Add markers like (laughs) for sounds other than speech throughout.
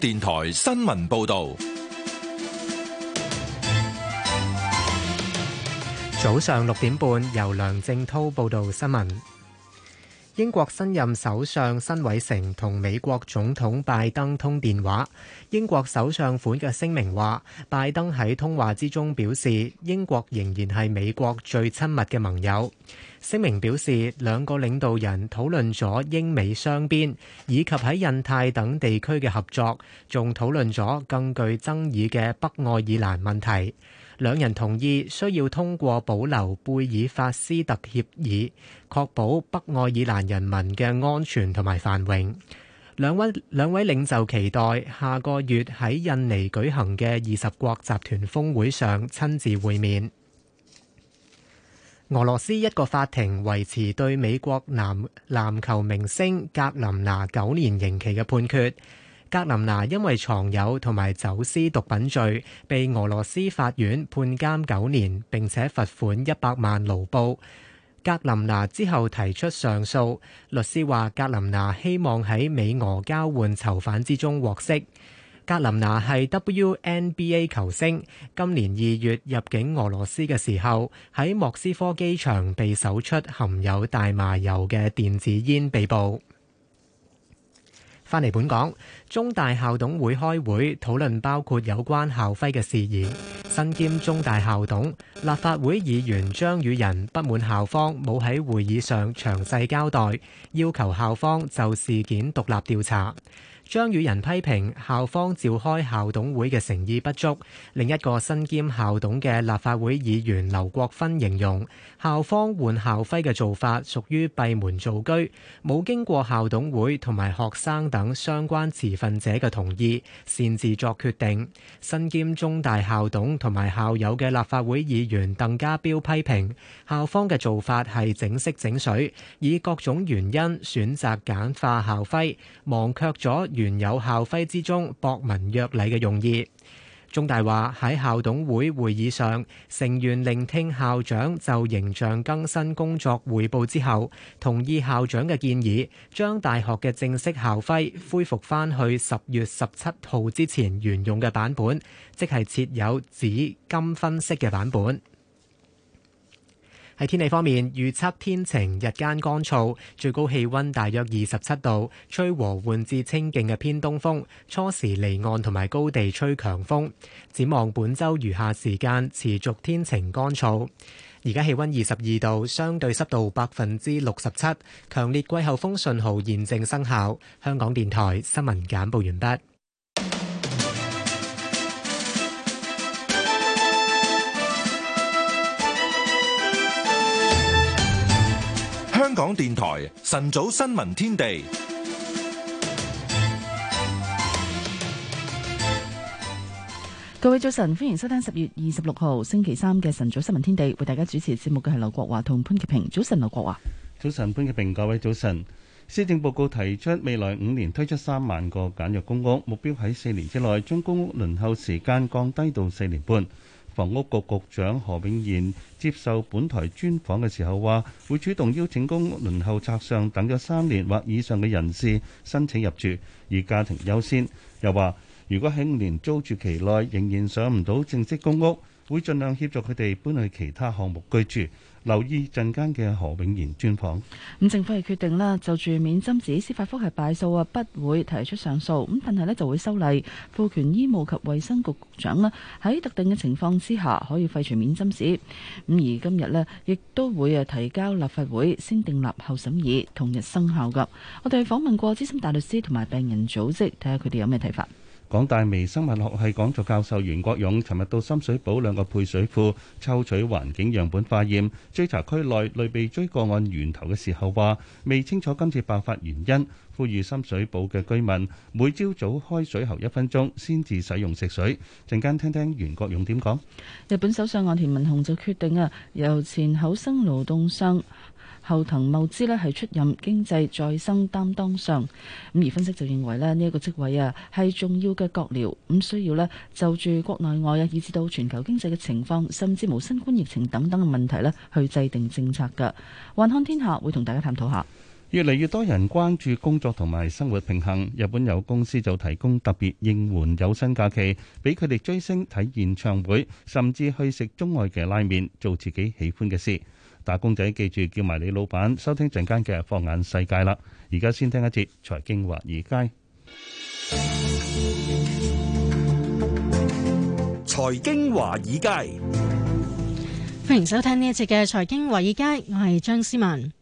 電台新聞報道，早上六點半由梁正濤報道新聞。英國新任首相辛偉誠同美國總統拜登通電話。英國首相款嘅聲明話，拜登喺通話之中表示，英國仍然係美國最親密嘅盟友。聲明表示，兩個領導人討論咗英美雙邊以及喺印太等地區嘅合作，仲討論咗更具爭議嘅北愛爾蘭問題。兩人同意需要通過保留《貝爾法斯特協議》，確保北愛爾蘭人民嘅安全同埋繁榮。兩位兩位領袖期待下個月喺印尼舉行嘅二十國集團峰會上親自會面。俄羅斯一個法庭維持對美國籃籃球明星格林拿九年刑期嘅判決。格林娜因為藏有同埋走私毒品罪，被俄羅斯法院判監九年，並且罰款一百萬盧布。格林娜之後提出上訴，律師話格林娜希望喺美俄交換囚犯之中獲釋。格林娜係 WNBA 球星，今年二月入境俄羅斯嘅時候，喺莫斯科機場被搜出含有大麻油嘅電子煙被捕。返嚟本港，中大校董會開會討論包括有關校徽嘅事宜。身兼中大校董、立法會議員張宇人不滿校方冇喺會議上詳細交代，要求校方就事件獨立調查。張宇人批評校方召開校董會嘅誠意不足。另一個身兼校董嘅立法會議員劉國勳形容校方換校徽嘅做法屬於閉門造車，冇經過校董會同埋學生等相關持份者嘅同意，擅自作決定。身兼中大校董同埋校友嘅立法會議員鄧家彪批評校方嘅做法係整色整水，以各種原因選擇簡化校徽，忘卻咗原有校徽之中博文約禮嘅用意。中大話喺校董會會議上，成員聆聽校長就形象更新工作匯報之後，同意校長嘅建議，將大學嘅正式校徽恢復翻去十月十七號之前沿用嘅版本，即係設有紫金分色嘅版本。喺天氣方面，預測天晴，日間乾燥，最高氣溫大約二十七度，吹和緩至清勁嘅偏東風，初時離岸同埋高地吹強風。展望本週餘下時間持續天晴乾燥。而家氣溫二十二度，相對濕度百分之六十七，強烈季候風信號現正生效。香港電台新聞簡報完畢。香港電台晨早新聞天地，各位早晨，歡迎收聽十月二十六號星期三嘅晨早新聞天地，為大家主持節目嘅係劉國華同潘潔平。早晨，劉國華，早晨，潘潔平，各位早晨。施政報告提出，未來五年推出三萬個簡約公屋，目標喺四年之內將公屋輪候時間降低到四年半。房屋局局長何永賢接受本台專訪嘅時候話，會主動邀請公屋輪候冊上等咗三年或以上嘅人士申請入住，以家庭優先。又話，如果喺五年租住期內仍然上唔到正式公屋，會盡量協助佢哋搬去其他項目居住。留意陣間嘅何永賢專訪。咁政府係決定咧，就住免針紙司法覆係敗訴啊，不會提出上訴。咁但係咧就會修例，賦權醫務及衛生局局長咧喺特定嘅情況之下可以廢除免針紙。咁而今日咧亦都會啊提交立法會，先訂立後審議同日生效噶。我哋訪問過資深大律師同埋病人組織，睇下佢哋有咩睇法。港大微生物學系講座教授袁國勇尋日到深水埗兩個配水庫抽取環境樣本化驗，追查區內類鼻疽個案源頭嘅時候話，未清楚今次爆發原因，呼籲深水埗嘅居民每朝早開水喉一分鐘先至使用食水。陣間聽聽袁國勇點講。日本首相岸田文雄就決定啊，由前厚生勞動相，後藤茂之咧，係出任經濟再生擔當相。咁而分析就認為咧，呢一個職位啊係重要嘅閣僚，咁需要咧就住國內外啊，以至到全球經濟嘅情況，甚至無新冠疫情等等嘅問題咧，去制定政策嘅。環看天下會同大家探討下，越嚟越多人關注工作同埋生活平衡。日本有公司就提供特別應援有薪假期，俾佢哋追星、睇演唱會，甚至去食中外嘅拉麵，做自己喜歡嘅事。打工仔，記住叫埋你老闆收聽陣間嘅放眼世界啦！而家先聽一節財經華爾街。財經華爾街，歡迎收聽呢一節嘅財經華爾街，爾街我係張思文。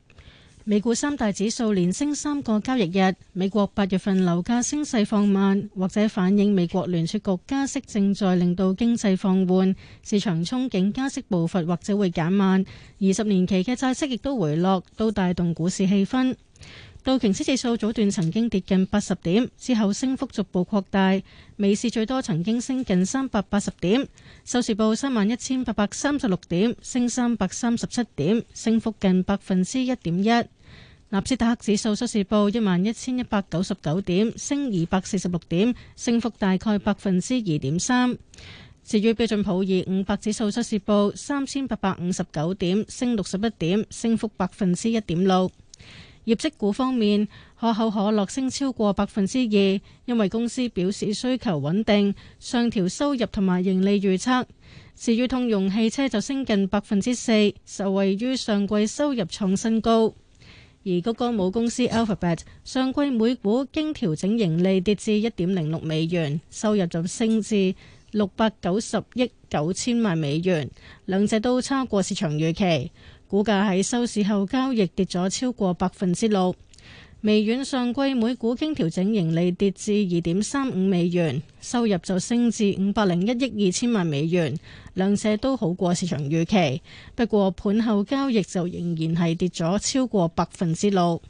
美股三大指數連升三個交易日。美國八月份樓價升勢放慢，或者反映美國聯儲局加息正在令到經濟放緩，市場憧憬加息步伐或者會減慢。二十年期嘅債息亦都回落，都帶動股市氣氛。道瓊斯指數早段曾經跌近八十點，之後升幅逐步擴大，美市最多曾經升近三百八十點，收市報三萬一千八百三十六點，升三百三十七點，升幅近百分之一點一。納斯達克指數收市報一萬一千一百九十九點，升二百四十六點，升幅大概百分之二點三。至於標準普爾五百指數收市報三千八百五十九點，升六十一點，升幅百分之一點六。業績股方面，可口可樂升超過百分之二，因為公司表示需求穩定，上調收入同埋盈利預測。至於通用汽車就升近百分之四，受惠於上季收入創新高。而谷歌母公司 Alphabet 上季每股經調整盈利跌至一點零六美元，收入就升至六百九十億九千萬美元，兩者都差過市場預期，股價喺收市後交易跌咗超過百分之六。微軟上季每股經調整盈利跌至二點三五美元，收入就升至五百零一億二千萬美元，兩者都好過市場預期。不過盤後交易就仍然係跌咗超過百分之六。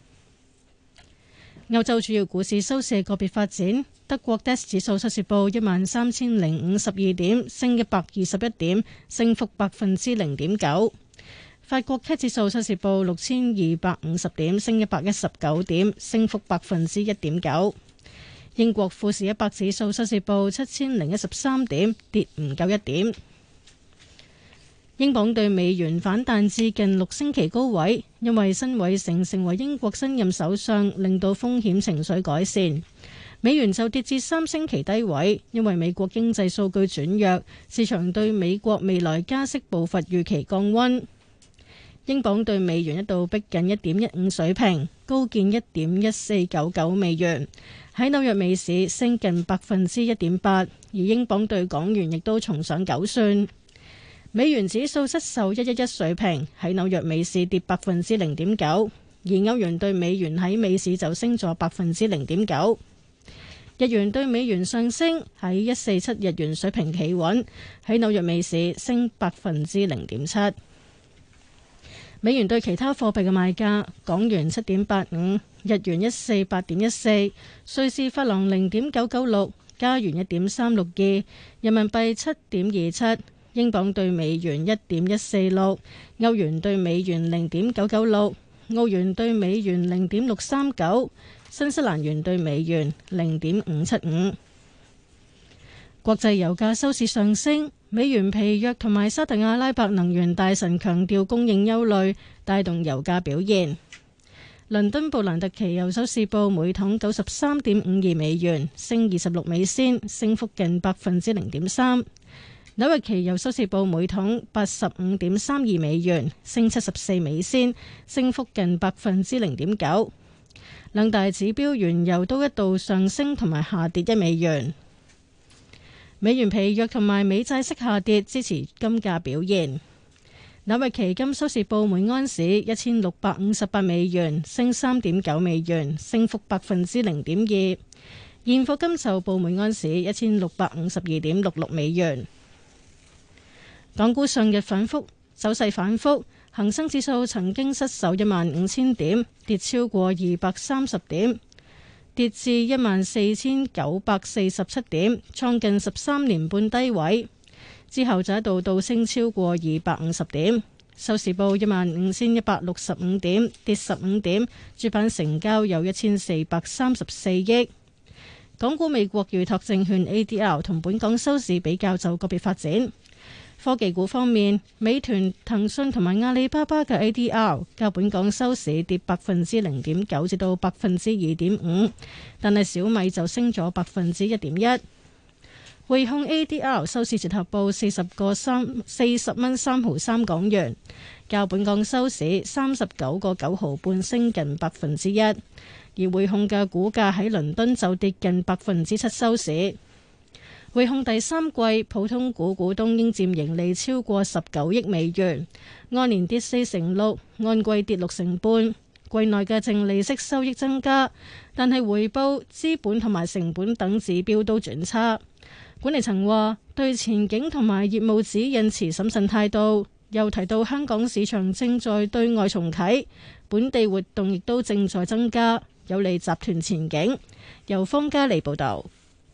歐洲主要股市收市個別發展，德國 DAX 指數收市報一萬三千零五十二點，升一百二十一點，升幅百分之零點九。法國 CAC 指數實時報六千二百五十點，升一百一十九點，升幅百分之一點九。英國富時一百指數實時報七千零一十三點，跌唔夠一點。英鎊對美元反彈至近六星期高位，因為辛偉誠成為英國新任首相，令到風險情緒改善。美元就跌至三星期低位，因為美國經濟數據轉弱，市場對美國未來加息步伐預期降溫。英鎊對美元一度逼近一點一五水平，高見一點一四九九美元。喺紐約美市升近百分之一點八，而英鎊對港元亦都重上九算。美元指數失守一一一水平，喺紐約美市跌百分之零點九，而歐元對美元喺美市就升咗百分之零點九。日元對美元上升喺一四七日元水平企穩，喺紐約美市升百分之零點七。美元對其他貨幣嘅賣價：港元七點八五，日元一四八點一四，瑞士法郎零點九九六，加元一點三六二，人民幣七點二七，英鎊對美元一點一四六，歐元對美元零點九九六，澳元對美元零點六三九，新西蘭元對美元零點五七五。國際油價收市上升。美元疲弱同埋沙特阿拉伯能源大臣強調供應憂慮，帶動油價表現。倫敦布蘭特期油收市報每桶九十三點五二美元，升二十六美仙，升幅近百分之零點三。紐約期油收市報每桶八十五點三二美元，升七十四美仙，升幅近百分之零點九。兩大指標原油都一度上升同埋下跌一美元。美元疲弱同埋美債息下跌支持金價表現。紐約期金收市報每安士一千六百五十八美元，升三點九美元，升幅百分之零點二。現貨金收報每安士一千六百五十二點六六美元。港股上日反覆，走勢反覆，恒生指數曾經失守一萬五千點，跌超過二百三十點。跌至一萬四千九百四十七點，創近十三年半低位。之後就一度倒升超過二百五十點，收市報一萬五千一百六十五點，跌十五點。主板成交有一千四百三十四億。港股美國預託證券 ADR 同本港收市比較就個別發展。科技股方面，美團、騰訊同埋阿里巴巴嘅 ADR 較本港收市跌百分之零點九，至到百分之二點五。但係小米就升咗百分之一點一。匯控 ADR 收市折合報四十個三四十蚊三毫三港元，較本港收市三十九個九毫半升近百分之一。而匯控嘅股價喺倫敦就跌近百分之七收市。匯控第三季普通股股東應占盈利超過十九億美元，按年跌四成六，按季跌六成半。季內嘅淨利息收益增加，但係回報、資本同埋成本等指標都轉差。管理層話對前景同埋業務指引持審慎態度，又提到香港市場正在對外重啟，本地活動亦都正在增加，有利集團前景。由方嘉莉報道。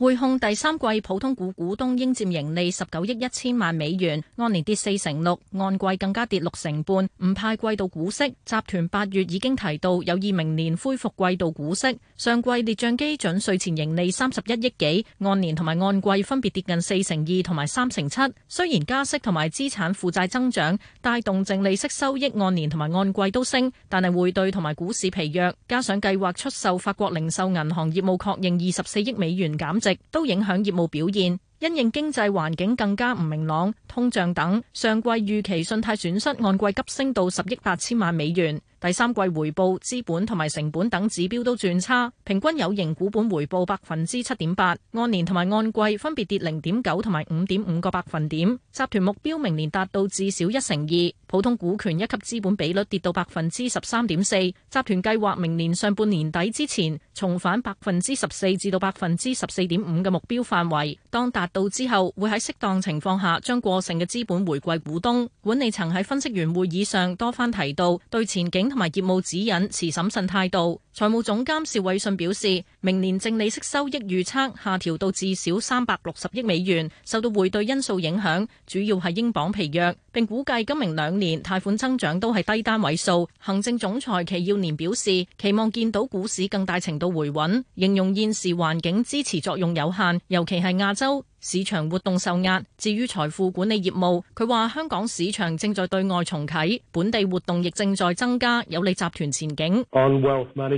匯控第三季普通股股東應佔盈利十九億一千萬美元，按年跌四成六，按季更加跌六成半，唔派季度股息。集團八月已經提到有意明年恢復季度股息。上季列賬基準稅前盈利三十一億幾，按年同埋按季分別跌近四成二同埋三成七。雖然加息同埋資產負債增長帶動淨利息收益按年同埋按季都升，但係匯兌同埋股市疲弱，加上計劃出售法國零售銀行業務，確認二十四億美元減值。都影響業務表現，因應經濟環境更加唔明朗，通脹等，上季預期信貸損失按季急升到十億八千萬美元。第三季回報、資本同埋成本等指標都轉差，平均有形股本回報百分之七點八，按年同埋按季分別跌零點九同埋五點五個百分點。集團目標明年達到至少一成二，普通股權一級資本比率跌到百分之十三點四。集團計劃明年上半年底之前重返百分之十四至到百分之十四點五嘅目標範圍。當達到之後，會喺適當情況下將過剩嘅資本回饋股東。管理層喺分析員會議上多番提到對前景。同埋業務指引持審慎態度。財務總監邵偉信表示，明年淨利息收益預測下調到至少三百六十億美元，受到匯兌因素影響，主要係英鎊疲弱，並估計今明兩年貸款增長都係低單位數。行政總裁祁耀年表示，期望見到股市更大程度回穩，形容現時環境支持作用有限，尤其係亞洲市場活動受壓。至於財富管理業務，佢話香港市場正在對外重啟，本地活動亦正在增加，有利集團前景。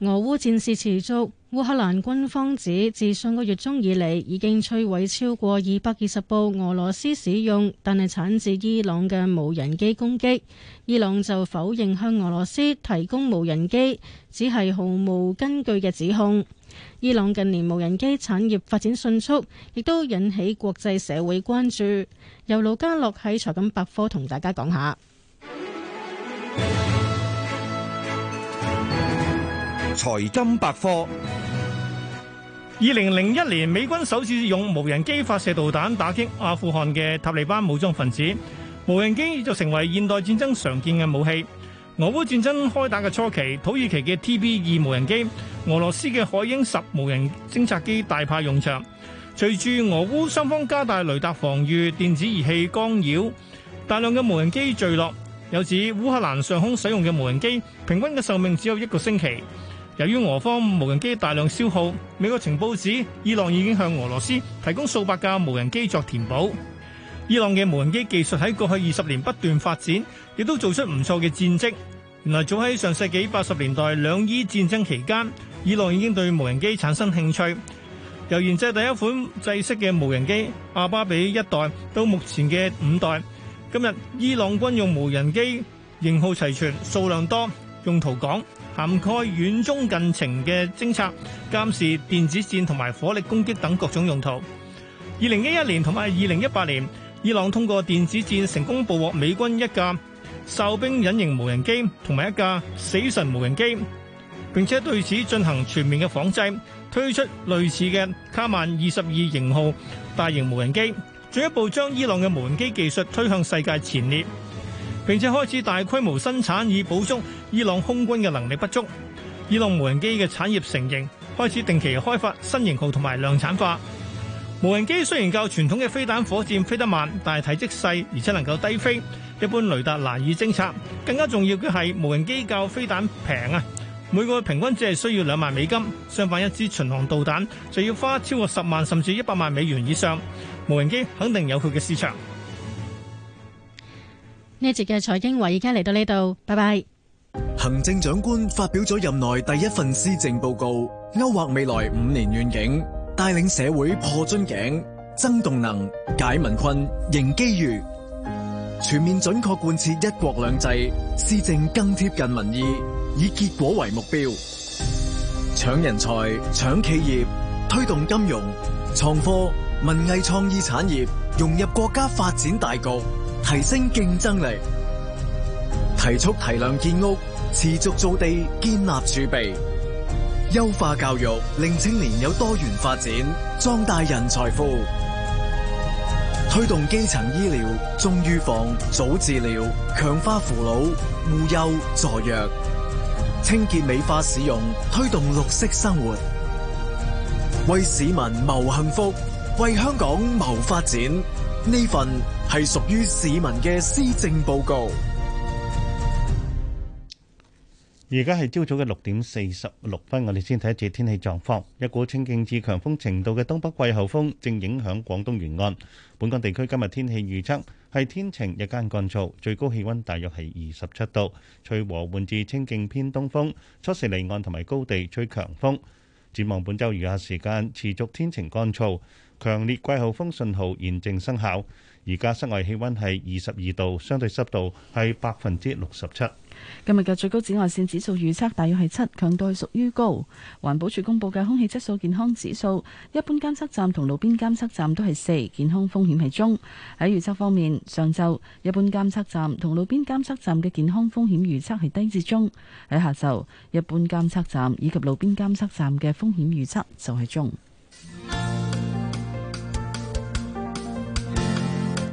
俄烏戰事持續，烏克蘭軍方指自上個月中以嚟，已經摧毀超過二百二十部俄羅斯使用，但係產自伊朗嘅無人機攻擊。伊朗就否認向俄羅斯提供無人機，只係毫無根據嘅指控。伊朗近年無人機產業發展迅速，亦都引起國際社會關注。由盧家樂喺財經百科同大家講下。 (music) 財金百科。二零零一年，美軍首次用無人機發射導彈打擊阿富汗嘅塔利班武裝分子。無人機就成為現代戰爭常見嘅武器。俄烏戰爭開打嘅初期，土耳其嘅 TB 二無人機、俄羅斯嘅海鷹十無人偵察機大派用場。隨住俄烏雙方加大雷達防禦、電子儀器干擾，大量嘅無人機墜落。有指烏克蘭上空使用嘅無人機平均嘅壽命只有一個星期。由於俄方無人機大量消耗，美國情報指伊朗已經向俄羅斯提供數百架無人機作填補。伊朗嘅無人機技術喺過去二十年不斷發展，亦都做出唔錯嘅戰績。原來早喺上世紀八十年代兩伊戰爭期間，伊朗已經對無人機產生興趣。由研製第一款制式嘅無人機阿巴比一代到目前嘅五代，今日伊朗軍用無人機型號齊全，數量多，用途廣。涵蓋遠中近程嘅偵察、監視、電子戰同埋火力攻擊等各種用途。二零一一年同埋二零一八年，伊朗通過電子戰成功捕獲美軍一架哨兵隱形無人機同埋一架死神無人機，並且對此進行全面嘅仿製，推出類似嘅卡曼二十二型號大型無人機，進一步將伊朗嘅無人機技術推向世界前列。並且開始大規模生產，以補充伊朗空軍嘅能力不足。伊朗無人機嘅產業成型，開始定期開發新型號同埋量產化。無人機雖然較傳統嘅飛彈火箭飛得慢，但係體積細而且能夠低飛，一般雷達難以偵察。更加重要嘅係無人機較飛彈平啊，每個平均只係需要兩萬美金，相反一支巡航導彈就要花超過十萬甚至一百萬美元以上。無人機肯定有佢嘅市場。呢一節嘅財經話，而家嚟到呢度，拜拜。行政長官發表咗任內第一份施政報告，勾畫未來五年願景，帶領社會破樽頸、增動能、解民困、迎機遇，全面準確貫徹一國兩制，施政更貼近民意，以結果為目標，搶人才、搶企業，推動金融、創科、文藝創意產業融入國家發展大局。提升競爭力，提速提量建屋，持續造地建立儲備，優化教育，令青年有多元發展，壯大人才庫，推動基層醫療，重預防、早治療、強化扶老、護幼助弱，清潔美化使用，推動綠色生活，為市民謀幸福，為香港謀發展。呢份係屬於市民嘅施政報告。而家係朝早嘅六點四十六分，我哋先睇一節天氣狀況。一股清勁至強風程度嘅東北季候風正影響廣東沿岸。本港地區今日天，天氣預測係天晴，日間乾燥，最高氣溫大約係二十七度。吹和緩至清勁偏東風，初時離岸同埋高地吹強風。展望本周餘下時間持續天晴乾燥。強烈季候風信號現正生效，而家室外氣溫係二十二度，相對濕度係百分之六十七。今日嘅最高紫外綫指數預測大約係七，強度係屬於高。環保署公布嘅空氣質素健康指數，一般監測站同路邊監測站都係四，健康風險係中。喺預測方面，上晝一般監測站同路邊監測站嘅健康風險預測係低至中；喺下晝，一般監測站以及路邊監測站嘅風險預測就係中。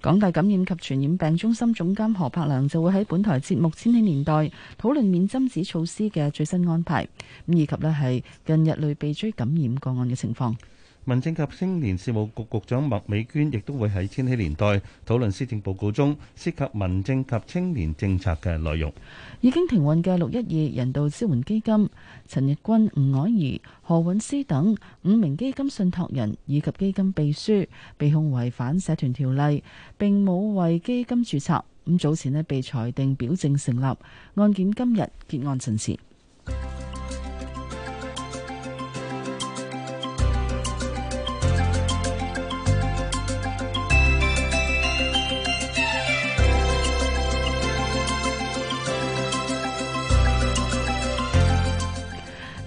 港大感染及傳染病中心總監何柏良就會喺本台節目《千禧年代》討論免針紙措施嘅最新安排，咁以及咧係近日類鼻疽感染個案嘅情況。民政及青年事務局局長麥美娟亦都會喺《千禧年代》討論施政報告中涉及民政及青年政策嘅內容。已經停運嘅六一二人道支援基金，陳日君、吳靄儀、何韻詩等五名基金信託人以及基金秘書被控違反社團條例，並冇為基金註冊。咁早前咧被裁定表證成立，案件今日結案陳詞。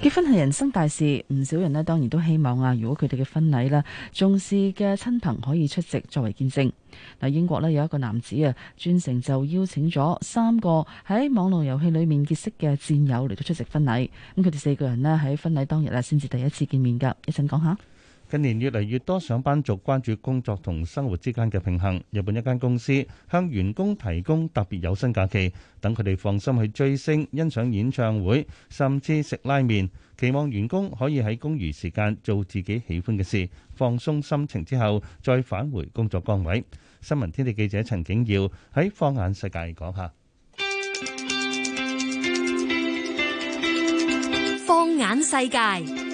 結婚係人生大事，唔少人咧當然都希望啊，如果佢哋嘅婚禮咧，重視嘅親朋可以出席作為見證。嗱，英國咧有一個男子啊，專程就邀請咗三個喺網絡遊戲裏面結識嘅戰友嚟到出席婚禮。咁佢哋四個人咧喺婚禮當日咧先至第一次見面噶講一陣講下。近年越嚟越多上班族關注工作同生活之間嘅平衡。日本一間公司向員工提供特別有薪假期，等佢哋放心去追星、欣賞演唱會，甚至食拉麵，期望員工可以喺工餘時間做自己喜歡嘅事，放鬆心情之後再返回工作崗位。新聞天地記者陳景耀喺放眼世界講下。放眼世界。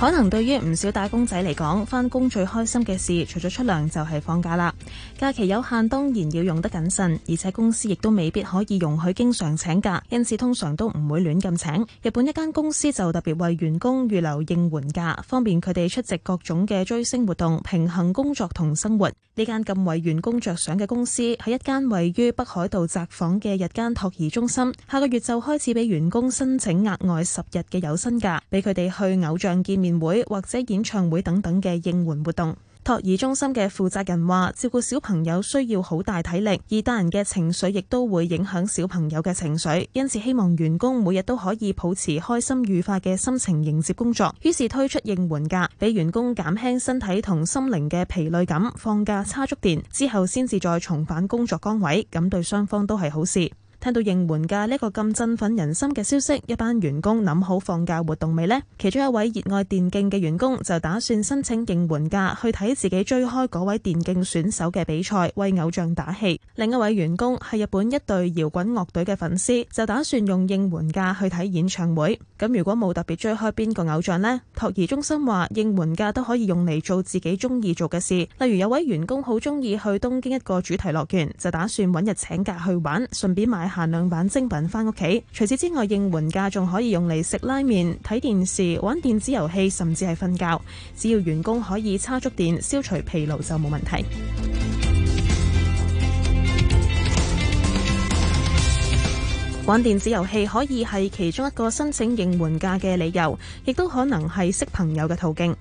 可能對於唔少打工仔嚟講，返工最開心嘅事，除咗出糧就係放假啦。假期有限，當然要用得謹慎，而且公司亦都未必可以容許經常請假，因此通常都唔會亂咁請。日本一間公司就特別為員工預留應援假，方便佢哋出席各種嘅追星活動，平衡工作同生活。呢間咁為員工着想嘅公司，喺一間位於北海道札幌嘅日間托兒中心，下個月就開始俾員工申請額外十日嘅有薪假，俾佢哋去偶像見面。會或者演唱會等等嘅應援活動，托兒中心嘅負責人話：照顧小朋友需要好大體力，而大人嘅情緒亦都會影響小朋友嘅情緒，因此希望員工每日都可以保持開心愉快嘅心情迎接工作。於是推出應援假，俾員工減輕身體同心靈嘅疲累感，放假叉足電之後，先至再重返工作崗位，咁對雙方都係好事。聽到應援假呢個咁振奮人心嘅消息，一班員工諗好放假活動未呢？其中一位熱愛電競嘅員工就打算申請應援假去睇自己追開嗰位電競選手嘅比賽，為偶像打氣。另一位員工係日本一隊搖滾樂隊嘅粉絲，就打算用應援假去睇演唱會。咁如果冇特別追開邊個偶像呢？托兒中心話應援假都可以用嚟做自己中意做嘅事，例如有位員工好中意去東京一個主題樂園，就打算搵日請假去玩，順便買限量版精品返屋企，除此之外，應援價仲可以用嚟食拉麵、睇電視、玩電子遊戲，甚至係瞓覺。只要員工可以叉足電，消除疲勞就冇問題。玩電子遊戲可以係其中一個申請應援假嘅理由，亦都可能係識朋友嘅途徑。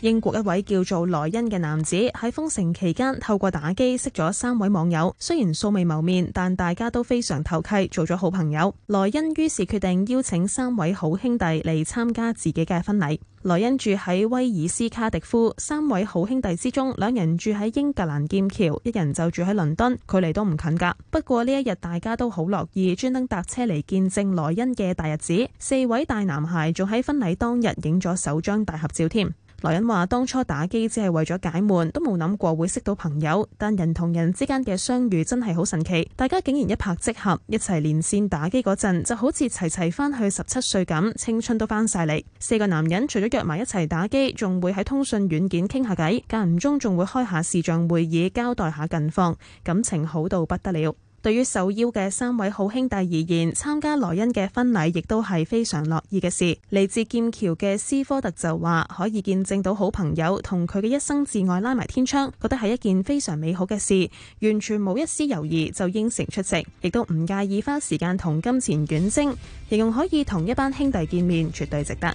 英國一位叫做萊恩嘅男子喺封城期間透過打機識咗三位網友，雖然素未謀面，但大家都非常投契，做咗好朋友。萊恩於是決定邀請三位好兄弟嚟參加自己嘅婚禮。萊恩住喺威爾斯卡迪夫，三位好兄弟之中，兩人住喺英格蘭劍橋，一人就住喺倫敦，距離都唔近㗎。不過呢一日大家都好樂意，專登搭車嚟見證萊恩嘅大日子。四位大男孩仲喺婚禮當日影咗首張大合照添。男人話：當初打機只係為咗解悶，都冇諗過會識到朋友。但人同人之間嘅相遇真係好神奇，大家竟然一拍即合，一齊連線打機嗰陣就好似齊齊翻去十七歲咁，青春都翻晒嚟。四個男人除咗約埋一齊打機，仲會喺通訊軟件傾下偈，間唔中仲會開下視像會議，交代下近況，感情好到不得了。對於受邀嘅三位好兄弟而言，參加羅恩嘅婚禮亦都係非常樂意嘅事。嚟自劍橋嘅斯科特就話：可以見證到好朋友同佢嘅一生摯愛拉埋天窗，覺得係一件非常美好嘅事，完全冇一絲猶豫就應承出席，亦都唔介意花時間同金錢遠征，形容可以同一班兄弟見面，絕對值得。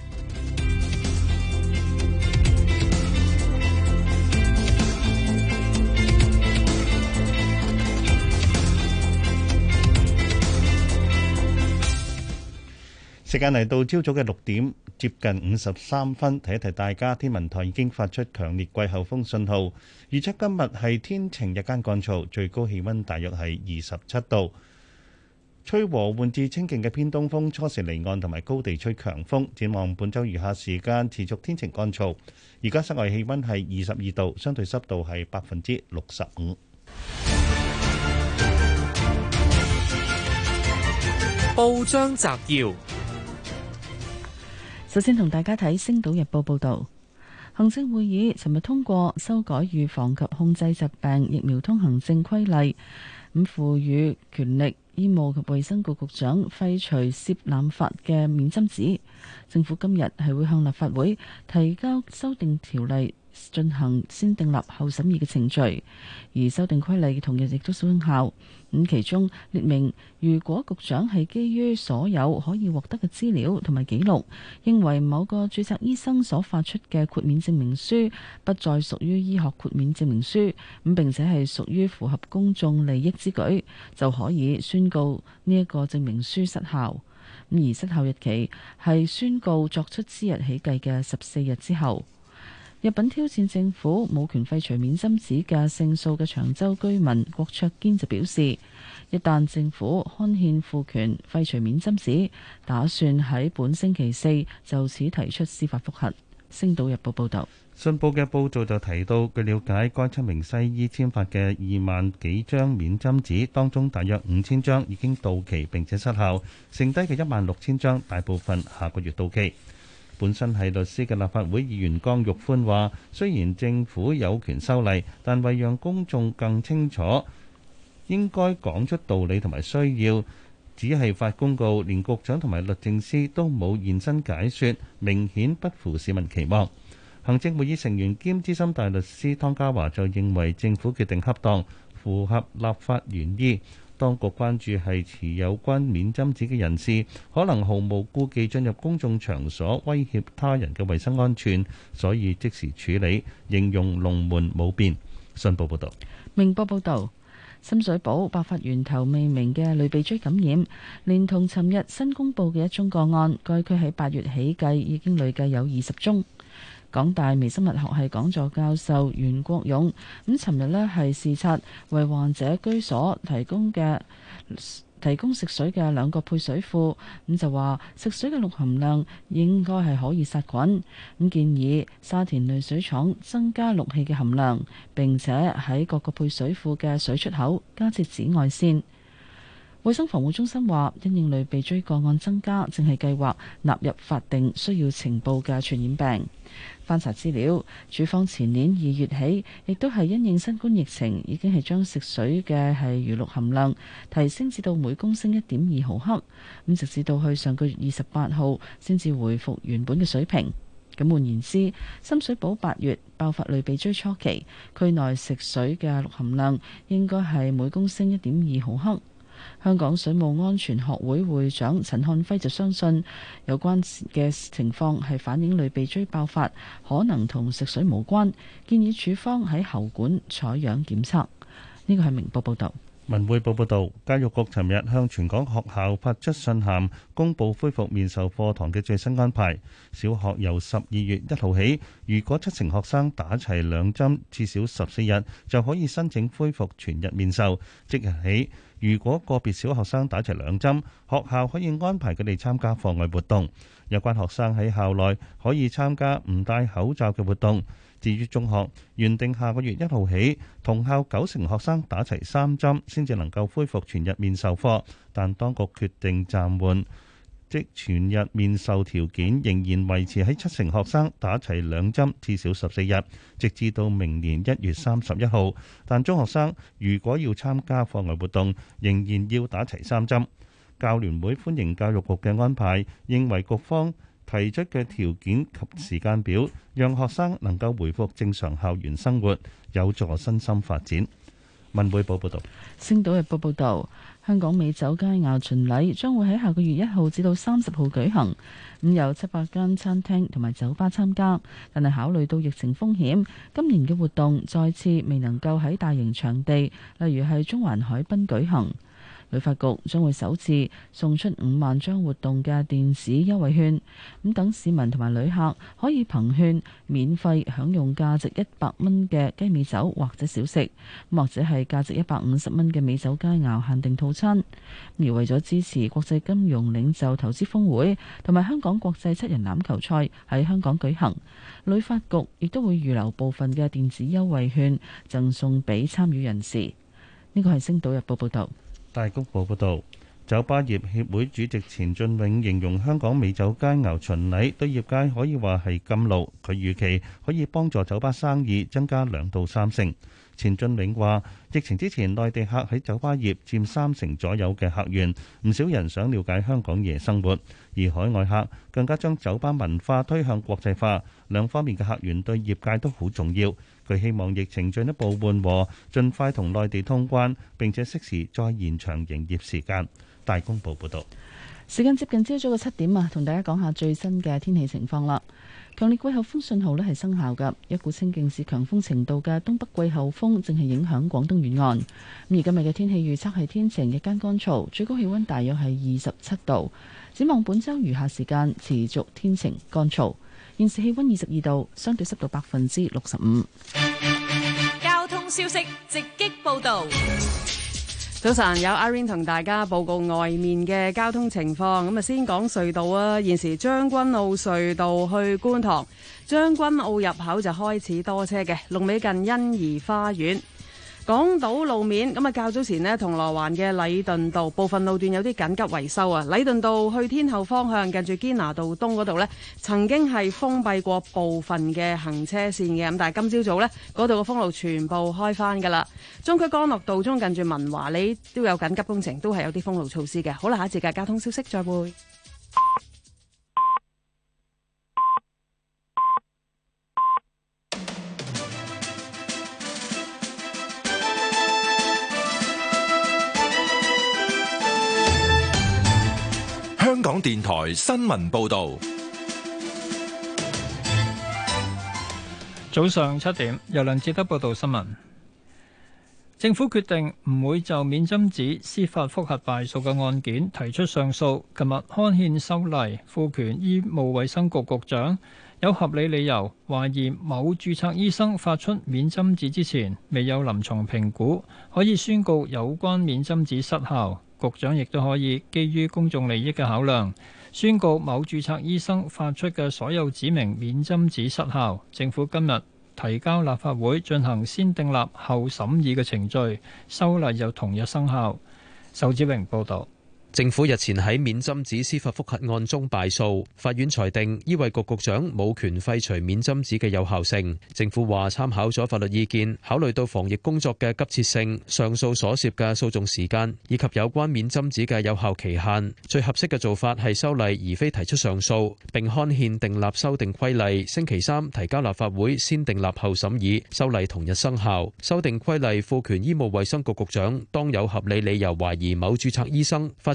時間嚟到朝早嘅六點接近五十三分，提一提大家，天文台已經發出強烈季候風信號，預測今日係天晴，日間乾燥，最高氣溫大約係二十七度，吹和緩至清勁嘅偏東風，初時離岸同埋高地吹強風，展望本周餘下時間持續天晴乾燥。而家室外氣溫係二十二度，相對濕度係百分之六十五。報章摘要。首先同大家睇《星島日報》報道，行政會議尋日通過修改預防及控制疾病疫苗通行證規例，咁賦予權力、醫務及衛生局局長廢除涉濫法嘅免針紙。政府今日係會向立法會提交修訂條例。進行先訂立後審議嘅程序，而修訂規例嘅同日亦都生效。咁其中列明，如果局長係基於所有可以獲得嘅資料同埋記錄，認為某個註冊醫生所發出嘅豁免證明書不再屬於醫學豁免證明書，咁並且係屬於符合公眾利益之舉，就可以宣告呢一個證明書失效。咁而失效日期係宣告作出之日起計嘅十四日之後。日品挑戰政府冇權廢除免針紙嘅勝訴嘅長洲居民郭卓堅就表示，一旦政府刊憲賦權廢除免針紙，打算喺本星期四就此提出司法覆核。星島日報報道，信報嘅報道就提到，據了解，該七名西醫簽發嘅二萬幾張免針紙，當中大約五千張已經到期並且失效，剩低嘅一萬六千張大部分下個月到期。本身係律師嘅立法會議員江玉歡話，雖然政府有權修例，但為讓公眾更清楚，應該講出道理同埋需要。只係發公告，連局長同埋律政司都冇現身解說，明顯不符市民期望。行政會議成員兼資深大律師湯家驊就認為，政府決定恰當，符合立法原意。當局關注係持有關免針紙嘅人士，可能毫無顧忌進入公眾場所，威脅他人嘅衞生安全，所以即時處理，應用龍門冇變。信報報導，明報報道：深水埗爆發源頭未明嘅類鼻疽感染，連同尋日新公布嘅一宗個案，該區喺八月起計已經累計有二十宗。港大微生物學系講座教授袁國勇咁，尋日咧係視察為患者居所提供嘅提供食水嘅兩個配水庫，咁就話食水嘅氯含量應該係可以殺菌，咁建議沙田濾水廠增加氯氣嘅含量，並且喺各個配水庫嘅水出口加設紫外線。衛生防護中心話，因應類鼻疽個案增加，正係計劃納入法定需要呈報嘅傳染病。翻查資料，署方前年二月起，亦都係因應新冠疫情，已經係將食水嘅係餘氯含量提升至到每公升一點二毫克。咁直至到去上個月二十八號，先至回復原本嘅水平。咁換言之，深水埗八月爆發類鼻疽初期，區內食水嘅氯含量應該係每公升一點二毫克。香港水務安全學會會長陳漢輝就相信有關嘅情況係反映類鼻疽爆發，可能同食水無關，建議署方喺喉管採樣檢測。呢個係明報報道。文匯報報道，教育局尋日向全港學校發出信函，公佈恢復面授課堂嘅最新安排。小學由十二月一號起，如果七成學生打齊兩針，至少十四日就可以申請恢復全日面授，即日起。如果個別小學生打齊兩針，學校可以安排佢哋參加課外活動。有關學生喺校內可以參加唔戴口罩嘅活動。至於中學，原定下個月一號起，同校九成學生打齊三針先至能夠恢復全日面授課，但當局決定暫緩。即全日面授條件仍然維持喺七成學生打齊兩針，至少十四日，直至到明年一月三十一號。但中學生如果要參加課外活動，仍然要打齊三針。教聯會歡迎教育局嘅安排，認為局方提出嘅條件及時間表，讓學生能夠回復正常校園生活，有助身心發展。文匯報報導，星島日報報導。香港美酒佳肴巡禮將會喺下個月一號至到三十號舉行，咁有七百間餐廳同埋酒吧參加，但係考慮到疫情風險，今年嘅活動再次未能夠喺大型場地，例如係中環海濱舉行。旅發局將會首次送出五萬張活動嘅電子優惠券，咁等市民同埋旅客可以憑券免費享用價值一百蚊嘅雞尾酒或者小食，或者係價值一百五十蚊嘅美酒佳肴限定套餐。而為咗支持國際金融領袖投資峰會同埋香港國際七人欖球賽喺香港舉行，旅發局亦都會預留部分嘅電子優惠券贈送俾參與人士。呢個係《星島日報》報道。大公報報導，酒吧業協會主席錢俊永形容香港美酒佳餚巡禮對業界可以話係甘露，佢預期可以幫助酒吧生意增加兩到三成。錢俊永話：疫情之前，內地客喺酒吧業佔三成左右嘅客源，唔少人想了解香港夜生活，而海外客更加將酒吧文化推向國際化，兩方面嘅客源對業界都好重要。佢希望疫情進一步緩和，盡快同內地通關，並且適時再延長營業時間。大公報報導，時間接近朝早嘅七點啊，同大家講下最新嘅天氣情況啦。強烈季候風信號咧係生效㗎，一股清勁至強風程度嘅東北季候風正係影響廣東沿岸。咁而今日嘅天氣預測係天晴，日間乾燥，最高氣温大約係二十七度。展望本週餘下時間持續天晴乾燥。現時氣溫二十二度，相對濕度百分之六十五。交通消息直擊報道。早晨，有 Irene 同大家報告外面嘅交通情況。咁啊，先講隧道啊。現時將軍澳隧道去觀塘，將軍澳入口就開始多車嘅，龍尾近欣怡花園。港島路面咁啊，較早前咧，銅鑼灣嘅禮頓道部分路段有啲緊急維修啊。禮頓道去天后方向，近住堅拿道東嗰度咧，曾經係封閉過部分嘅行車線嘅，咁但係今朝早咧，嗰度嘅封路全部開翻噶啦。中區江樂道中近住文華里都有緊急工程，都係有啲封路措施嘅。好啦，下一節嘅交通消息再會。香港電台新聞報道，早上七點，由梁志德報道新聞。政府決定唔會就免針紙司法複核敗訴嘅案件提出上訴。琴日，刊憲修例賦權醫務衛生局局長有合理理由懷疑，某註冊醫生發出免針紙之前，未有臨床評估，可以宣告有關免針紙失效。局長亦都可以基於公眾利益嘅考量，宣告某註冊醫生發出嘅所有指明免針紙失效。政府今日提交立法會進行先訂立後審議嘅程序，修例又同日生效。仇志榮報導。政府日前喺免針紙司法復核案中敗訴，法院裁定醫衛局局長冇權廢除免針紙嘅有效性。政府話參考咗法律意見，考慮到防疫工作嘅急切性、上訴所涉嘅訴訟時間以及有關免針紙嘅有效期限，最合適嘅做法係修例而非提出上訴，並刊憲訂立修訂規例。星期三提交立法會先訂立後審議，修例同日生效。修訂規例賦權醫務衛生局局長，當有合理理由懷疑某注冊醫生發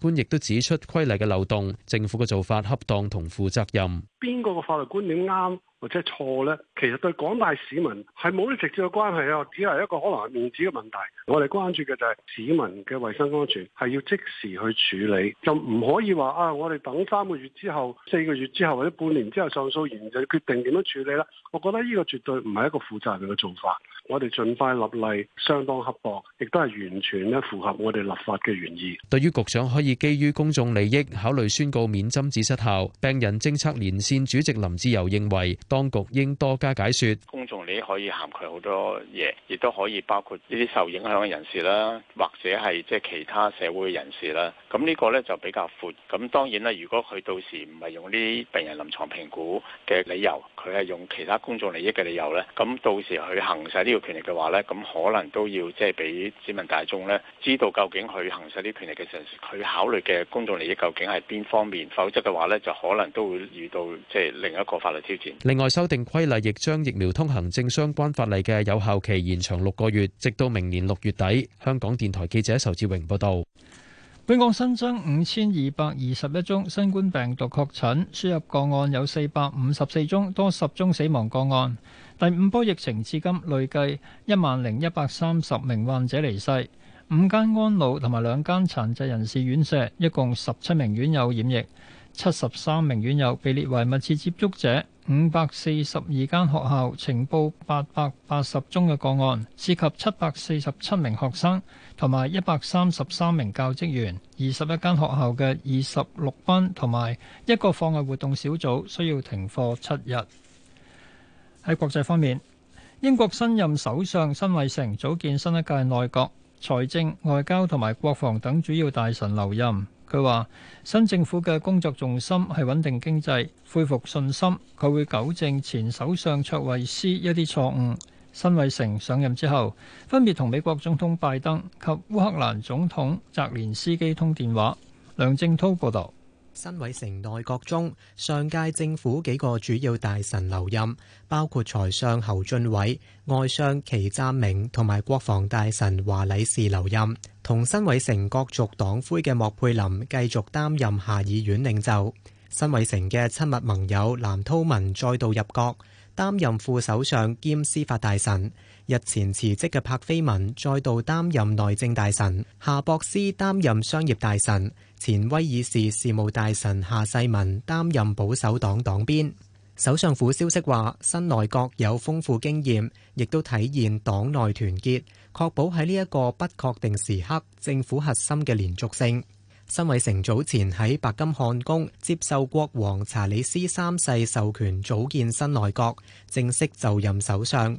官亦都指出規例嘅漏洞，政府嘅做法恰當同負責任。邊個嘅法律觀點啱，或者係錯呢？其實對廣大市民係冇啲直接嘅關係啊，只係一個可能係面子嘅問題。我哋關注嘅就係市民嘅衞生安全係要即時去處理，就唔可以話啊，我哋等三個月之後、四個月之後或者半年之後上訴完就決定點樣處理啦。我覺得呢個絕對唔係一個負責任嘅做法。我哋儘快立例，相當恰當，亦都係完全咧符合我哋立法嘅原意。對於局長可以基於公眾利益考慮宣告免針紙失效，病人政策連線主席林志柔認為。當局應多加解説，公眾利益可以涵蓋好多嘢，亦都可以包括呢啲受影響嘅人士啦，或者係即係其他社會人士啦。咁呢個呢就比較闊。咁當然啦，如果佢到時唔係用呢啲病人臨床評估嘅理由，佢係用其他公眾利益嘅理由呢，咁到時佢行使呢個權力嘅話呢，咁可能都要即係俾市民大眾呢知道究竟佢行使呢啲權力嘅時候，佢考慮嘅公眾利益究竟係邊方面？否則嘅話呢，就可能都會遇到即係另一個法律挑戰。另外。外修訂規例，亦將疫苗通行證相關法例嘅有效期延長六個月，直到明年六月底。香港電台記者仇志榮報導。本港新增五千二百二十一宗新冠病毒確診，輸入個案有四百五十四宗，多十宗死亡個案。第五波疫情至今累計一萬零一百三十名患者離世。五間安老同埋兩間殘疾人士院舍，一共十七名院友染疫，七十三名院友被列為密切接觸者。五百四十二間學校呈報八百八十宗嘅個案，涉及七百四十七名學生同埋一百三十三名教職員，二十一間學校嘅二十六班同埋一個課外活動小組需要停課七日。喺國際方面，英國新任首相辛偉誠組建新一屆內閣，財政、外交同埋國防等主要大臣留任。佢話：新政府嘅工作重心係穩定經濟、恢復信心。佢會糾正前首相卓慧思一啲錯誤。辛偉誠上任之後，分別同美國總統拜登及烏克蘭總統澤連斯基通電話。梁正濤報道。辛偉誠內閣中，上屆政府幾個主要大臣留任，包括財相侯俊偉、外相祁湛明同埋國防大臣華萊士留任。同辛偉誠各族黨魁嘅莫佩林繼續擔任下議院領袖。辛偉誠嘅親密盟友藍韜文再度入閣，擔任副首相兼司法大臣。日前辭職嘅柏菲文再度擔任內政大臣，夏博斯擔任商業大臣，前威爾士事務大臣夏世文擔任保守黨黨鞭。首相府消息話，新內閣有豐富經驗，亦都體現黨內團結，確保喺呢一個不確定時刻政府核心嘅連續性。新偉成早前喺白金漢宮接受國王查理斯三世授權，組建新內閣，正式就任首相。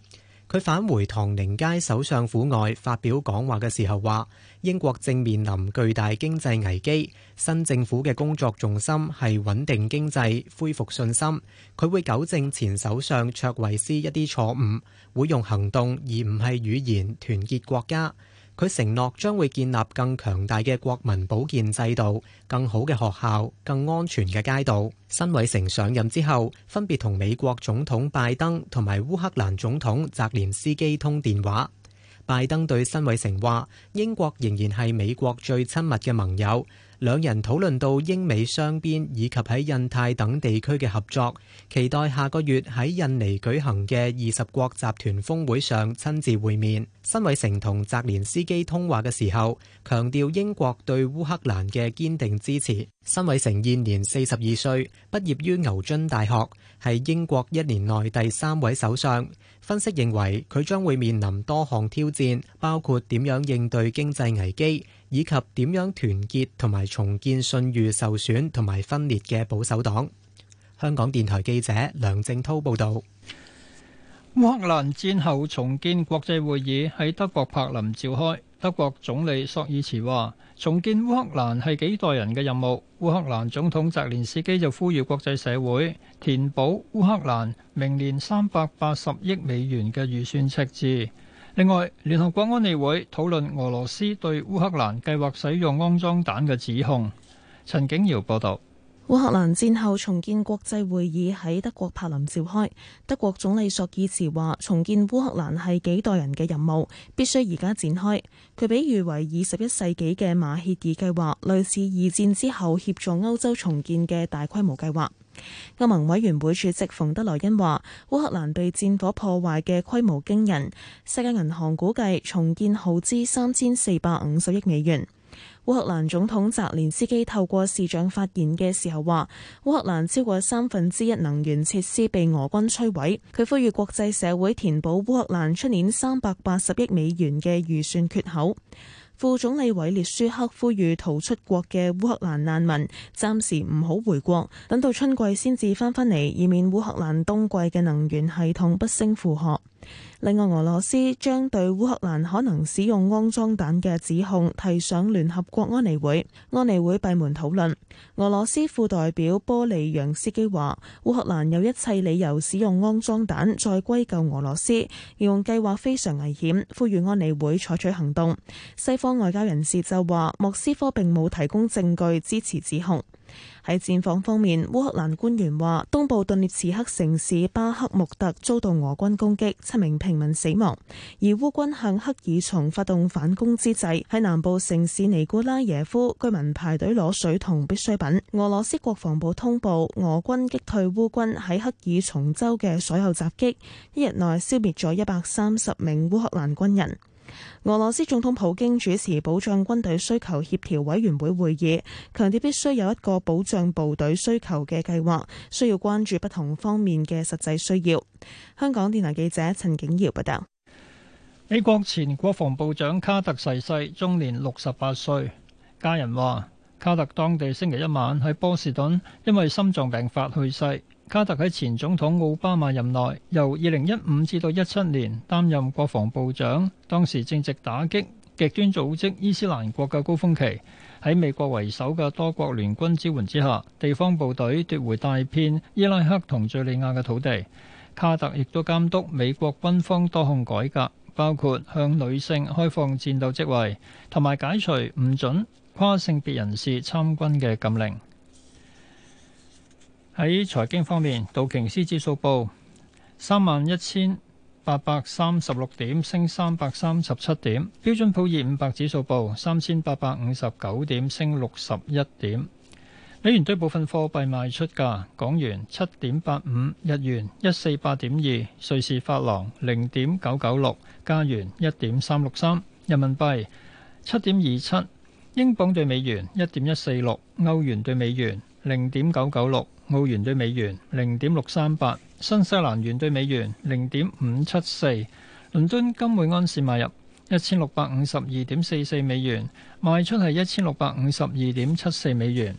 佢返回唐寧街首相府外發表講話嘅時候話，英國正面臨巨大經濟危機，新政府嘅工作重心係穩定經濟恢復信心。佢會糾正前首相卓慧思一啲錯誤，會用行動，而唔係語言團結國家。佢承諾將會建立更強大嘅國民保健制度、更好嘅學校、更安全嘅街道。辛偉誠上任之後，分別同美國總統拜登同埋烏克蘭總統澤連斯基通電話。拜登對辛偉誠話：英國仍然係美國最親密嘅盟友。兩人討論到英美雙邊以及喺印太等地區嘅合作，期待下個月喺印尼舉行嘅二十國集團峰會上親自會面。辛偉誠同澤連斯基通話嘅時候，強調英國對烏克蘭嘅堅定支持。辛偉誠現年四十二歲，畢業於牛津大學，係英國一年內第三位首相。分析認為佢將會面臨多項挑戰，包括點樣應對經濟危機。以及點樣團結同埋重建信譽受損同埋分裂嘅保守黨。香港電台記者梁正滔報導，烏克蘭戰後重建國際會議喺德國柏林召開。德國總理朔爾茨話：重建烏克蘭係幾代人嘅任務。烏克蘭總統澤連斯基就呼籲國際社會填補烏克蘭明年三百八十億美元嘅預算赤字。另外，聯合國安理會討論俄羅斯對烏克蘭計劃使用骯髒彈嘅指控。陳景瑤報道，烏克蘭戰後重建國際會議喺德國柏林召開。德國總理朔爾茨話：重建烏克蘭係幾代人嘅任務，必須而家展開。佢比喻為二十一世紀嘅馬歇爾計劃，類似二戰之後協助歐洲重建嘅大規模計劃。歐盟委員會主席馮德萊恩話：烏克蘭被戰火破壞嘅規模驚人，世界銀行估計重建耗資三千四百五十億美元。烏克蘭總統澤連斯基透過市長發言嘅時候話：烏克蘭超過三分之一能源設施被俄軍摧毀。佢呼籲國際社會填補烏克蘭出年三百八十億美元嘅預算缺口。副總理韋列舒克呼籲逃出國嘅烏克蘭難民暫時唔好回國，等到春季先至翻返嚟，以免烏克蘭冬季嘅能源系統不勝負荷。另外，俄羅斯將對烏克蘭可能使用安裝彈嘅指控提上聯合國安理會。安理會閉門討論。俄羅斯副代表波利揚斯基話，烏克蘭有一切理由使用安裝彈，再歸咎俄羅斯，用計劃非常危險，呼籲安理會採取行動。西方外交人士就話，莫斯科並冇提供證據支持指控。喺戰況方面，烏克蘭官員話，東部頓涅茨克城市巴克穆特遭到俄軍攻擊，七名平民死亡。而烏軍向赫爾松發動反攻之際，喺南部城市尼古拉耶夫，居民排隊攞水同必需品。俄羅斯國防部通報，俄軍擊退烏軍喺赫爾松州嘅所有襲擊，一日內消滅咗一百三十名烏克蘭軍人。俄羅斯總統普京主持保障軍隊需求協調委員會會議，強調必須有一個保障部隊需求嘅計劃，需要關注不同方面嘅實際需要。香港電台記者陳景堯報道。美國前國防部長卡特逝世，終年六十八歲。家人話，卡特當地星期一晚喺波士頓因為心臟病發去世。卡特喺前總統奧巴馬任內，由二零一五至到一七年擔任國防部長，當時正值打擊極端組織伊斯蘭國嘅高峰期。喺美國為首嘅多國聯軍支援之下，地方部隊奪回大片伊拉克同敘利亞嘅土地。卡特亦都監督美國軍方多項改革，包括向女性開放戰鬥職位，同埋解除唔准跨性別人士參軍嘅禁令。喺財經方面，道瓊斯指數報三萬一千八百三十六點，升三百三十七點。標準普爾五百指數報三千八百五十九點，升六十一點。美元對部分貨幣賣出價：港元七點八五，日元一四八點二，瑞士法郎零點九九六，加元一點三六三，人民幣七點二七，英鎊對美元一點一四六，歐元對美元零點九九六。澳元兌美元零點六三八，新西蘭元兌美元零點五七四，倫敦金每安士買入一千六百五十二點四四美元，賣出係一千六百五十二點七四美元。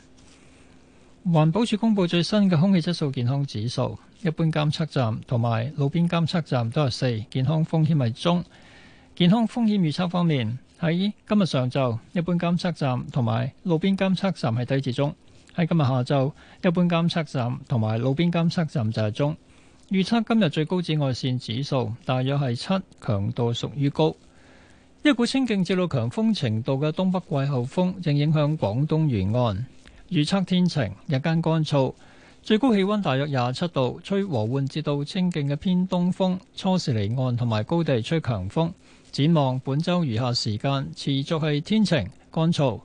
環保署公布最新嘅空氣質素健康指數，一般監測站同埋路邊監測站都係四，健康風險為中。健康風險預測方面，喺今日上晝，一般監測站同埋路邊監測站係低至中。喺今日下晝，一般監測站同埋路邊監測站就係中。預測今日最高紫外線指數大約係七，強度屬於高。一股清勁至到強風程度嘅東北季候風正影響廣東沿岸，預測天晴日間乾燥，最高氣溫大約廿七度，吹和緩至到清勁嘅偏東風，初時離岸同埋高地吹強風，展望本週餘下時間，持續係天晴乾燥。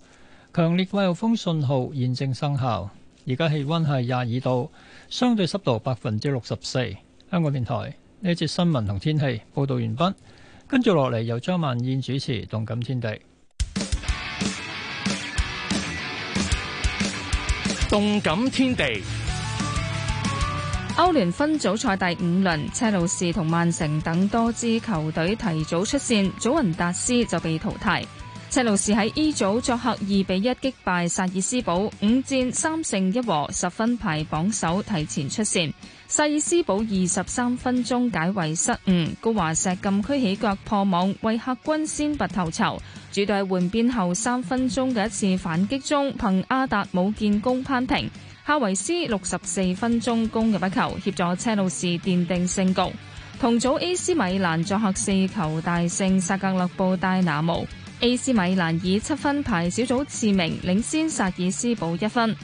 強烈季候風信號現正生效，而家氣温係廿二度，相對濕度百分之六十四。香港電台呢一節新聞同天氣報道完畢，跟住落嚟由張萬燕主持《動感天地》。《動感天地》歐聯分組賽第五輪，車路士同曼城等多支球隊提早出線，祖雲達斯就被淘汰。車路士喺 E 組作客二比一擊敗薩爾斯堡，五戰三勝一和，十分排榜首，提前出線。薩爾斯堡二十三分鐘解圍失誤，高華石禁區起腳破網，為客軍先拔頭籌。主隊換邊後三分鐘嘅一次反擊中，憑阿達姆建功攀平。夏維斯六十四分鐘攻入一球，協助車路士奠定勝局。同組 A.C. 米蘭作客四球大勝薩格勒布戴拿姆。AC 米蘭以七分排小組次名，領先薩爾斯堡一分。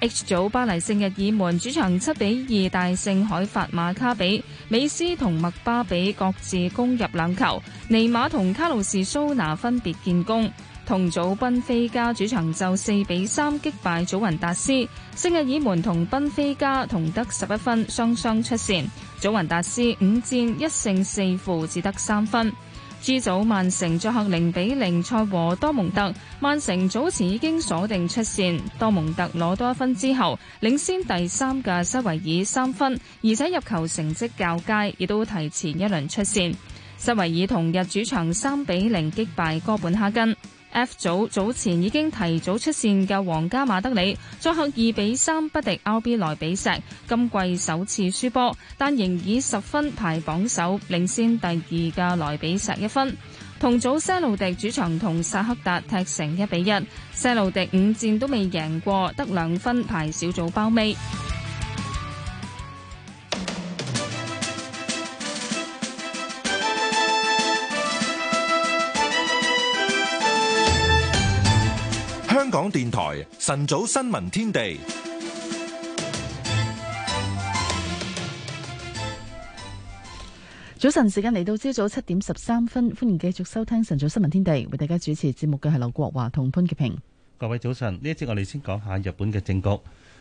H 組巴黎聖日耳門主場七比二大勝海法馬卡比，美斯同麥巴比各自攻入兩球，尼馬同卡路士蘇拿分別建功。同組賓菲加主場就四比三擊敗祖雲達斯，聖日耳門同賓菲加同得十一分，雙雙出線。祖雲達斯五戰一勝四負，只得三分。G 組曼城作客零比零賽和多蒙特，曼城早前已經鎖定出線，多蒙特攞多一分之後領先第三嘅西維爾三分，而且入球成績較佳，亦都提前一輪出線。西維爾同日主場三比零擊敗哥本哈根。F 組早前已經提早出線嘅皇家馬德里作客二比三不敵 RB 萊比石，今季首次輸波，但仍以十分排榜首，領先第二嘅萊比石一分。同組西路迪主場同薩克達踢成一比一，西路迪五戰都未贏過，得兩分排小組包尾。港電台晨早新聞天地，早晨時間嚟到朝早七點十三分，歡迎繼續收聽晨早新聞天地，為大家主持節目嘅係劉國華同潘潔平。各位早晨，呢一節我哋先講下日本嘅政局。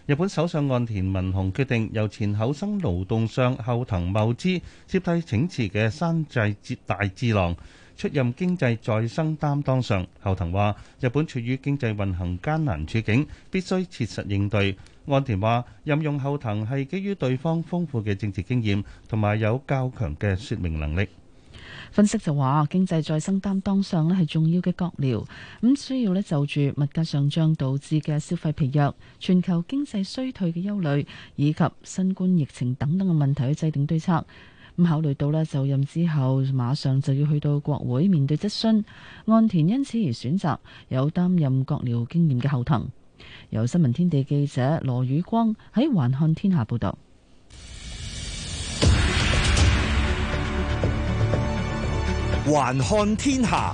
日本首相岸田文雄決定由前厚生勞動相後藤茂之接替請辭嘅山際接大志郎。出任經濟再生擔當上，後藤話：日本處於經濟運行艱難處境，必須切實應對。岸田話：任用後藤係基於對方豐富嘅政治經驗，同埋有較強嘅説明能力。分析就話，經濟再生擔當上呢係重要嘅閣僚，咁需要呢就住物價上漲導致嘅消費疲弱、全球經濟衰退嘅憂慮，以及新冠疫情等等嘅問題去制定對策。咁考慮到呢，就任之後，馬上就要去到國會面對質詢，岸田因此而選擇有擔任閣僚經驗嘅後藤。由新聞天地記者羅宇光喺環看天下報導。環看天下。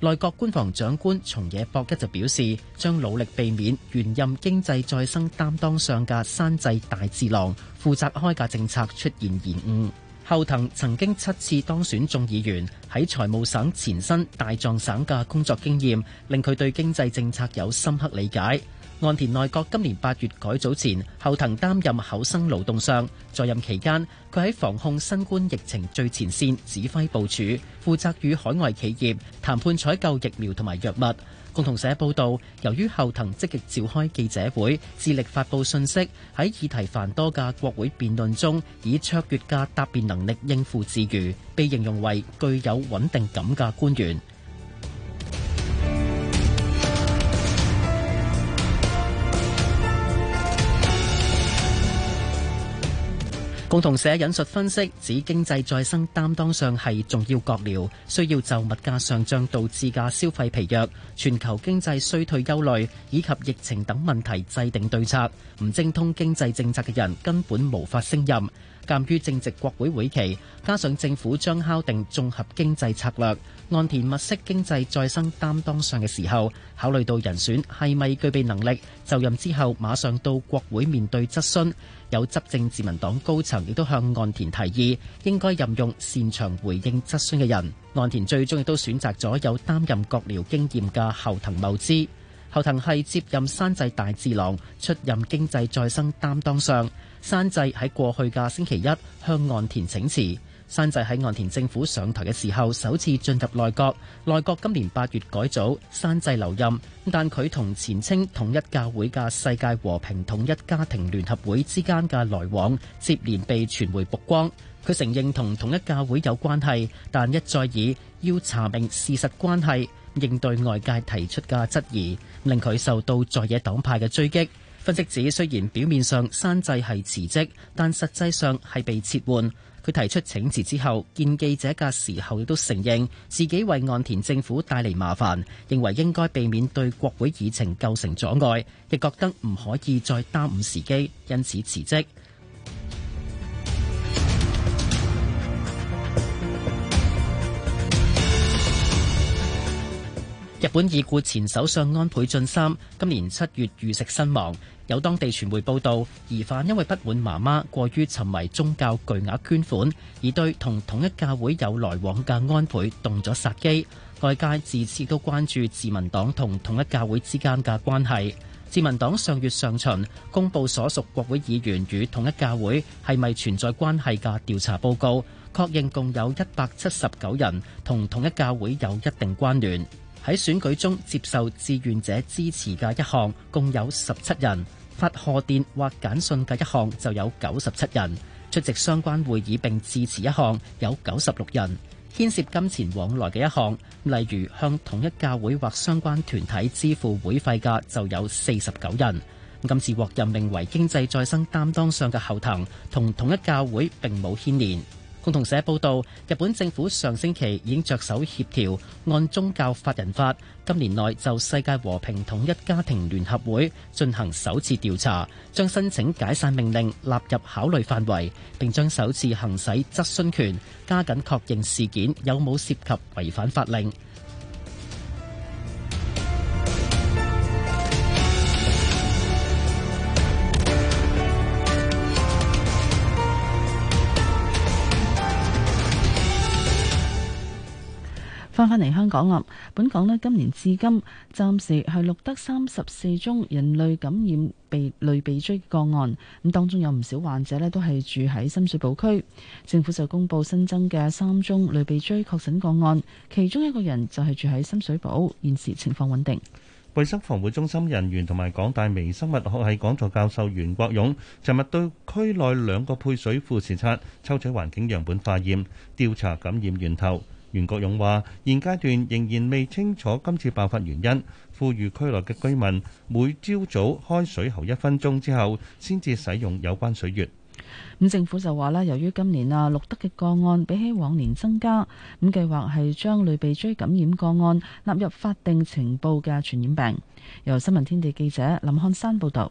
內閣官房長官松野博一就表示，將努力避免原任經濟再生擔當相嘅山際大智郎負責開價政策出現延誤。後藤曾經七次當選眾議員，喺財務省前身大藏省嘅工作經驗，令佢對經濟政策有深刻理解。岸田內閣今年八月改組前，後藤擔任厚生勞動相，在任期間，佢喺防控新冠疫情最前線指揮部署，負責與海外企業談判採購疫苗同埋藥物。共同社報道，由於後藤積極召開記者會，致力發佈信息，喺議題繁多嘅國會辯論中，以卓越嘅答辯能力應付自如，被形容為具有穩定感嘅官員。共同社引述分析，指經濟再生擔當上係重要閣僚，需要就物價上漲導致嘅消費疲弱，全球經濟衰退憂慮以及疫情等問題制定對策。唔精通經濟政策嘅人根本無法勝任。鑑於正值國會會期，加上政府將敲定綜合經濟策略，岸田物色經濟再生擔當相嘅時候，考慮到人選係咪具備能力，就任之後馬上到國會面對質詢。有執政自民黨高層亦都向岸田提議，應該任用擅長回應質詢嘅人。岸田最終亦都選擇咗有擔任國聊經驗嘅後藤茂之。後藤係接任山際大志郎出任經濟再生擔當相。山際喺過去嘅星期一向岸田請辭。山際喺岸田政府上台嘅時候首次進入內閣。內閣今年八月改組，山際留任。但佢同前清統一教會嘅世界和平統一家庭聯合會之間嘅來往接連被傳媒曝光。佢承認同統一教會有關係，但一再以要查明事實關係應對外界提出嘅質疑，令佢受到在野黨派嘅追擊。分析指，雖然表面上山際係辭職，但實際上係被撤換。佢提出請辭之後，見記者嘅時候亦都承認自己為岸田政府帶嚟麻煩，認為應該避免對國會議程構成阻礙，亦覺得唔可以再耽誤時機，因此辭職。日本已故前首相安倍晉三今年七月遇襲身亡。有當地傳媒報道，疑犯因為不滿媽媽過於沉迷宗教、巨額捐款，而對同統一教會有來往嘅安倍動咗殺機。外界自此都關注自民黨同統一教會之間嘅關係。自民黨上月上旬公佈所屬國會議員與統一教會係咪存在關係嘅調查報告，確認共有一百七十九人同統一教會有一定關聯。喺選舉中接受志願者支持嘅一項共有十七人，發賀電或簡訊嘅一項就有九十七人，出席相關會議並致辭一項有九十六人，牽涉金錢往來嘅一項，例如向統一教會或相關團體支付會費嘅就有四十九人。今次獲任命為經濟再生擔當上嘅後藤，同統一教會並冇牽連。共同社報道，日本政府上星期已經着手協調，按宗教法人法，今年內就世界和平統一家庭聯合會進行首次調查，將申請解散命令納入考慮範圍，並將首次行使質詢權，加緊確認事件有冇涉及違反法令。翻嚟香港啦，本港咧今年至今，暫時係錄得三十四宗人類感染被類鼻疽個案，咁當中有唔少患者咧都係住喺深水埗區。政府就公布新增嘅三宗類鼻疽確診個案，其中一個人就係住喺深水埗，現時情況穩定。衛生防護中心人員同埋港大微生物學系講座教授袁國勇，尋日對區內兩個配水庫視察，抽取環境樣本化驗，調查感染源頭。袁國勇話：現階段仍然未清楚今次爆發原因，富裕區內嘅居民每朝早開水喉一分鐘之後，先至使用有關水源。咁政府就話啦，由於今年啊錄得嘅個案比起往年增加，咁計劃係將類鼻疽感染個案納入法定呈報嘅傳染病。由新聞天地記者林漢山報道。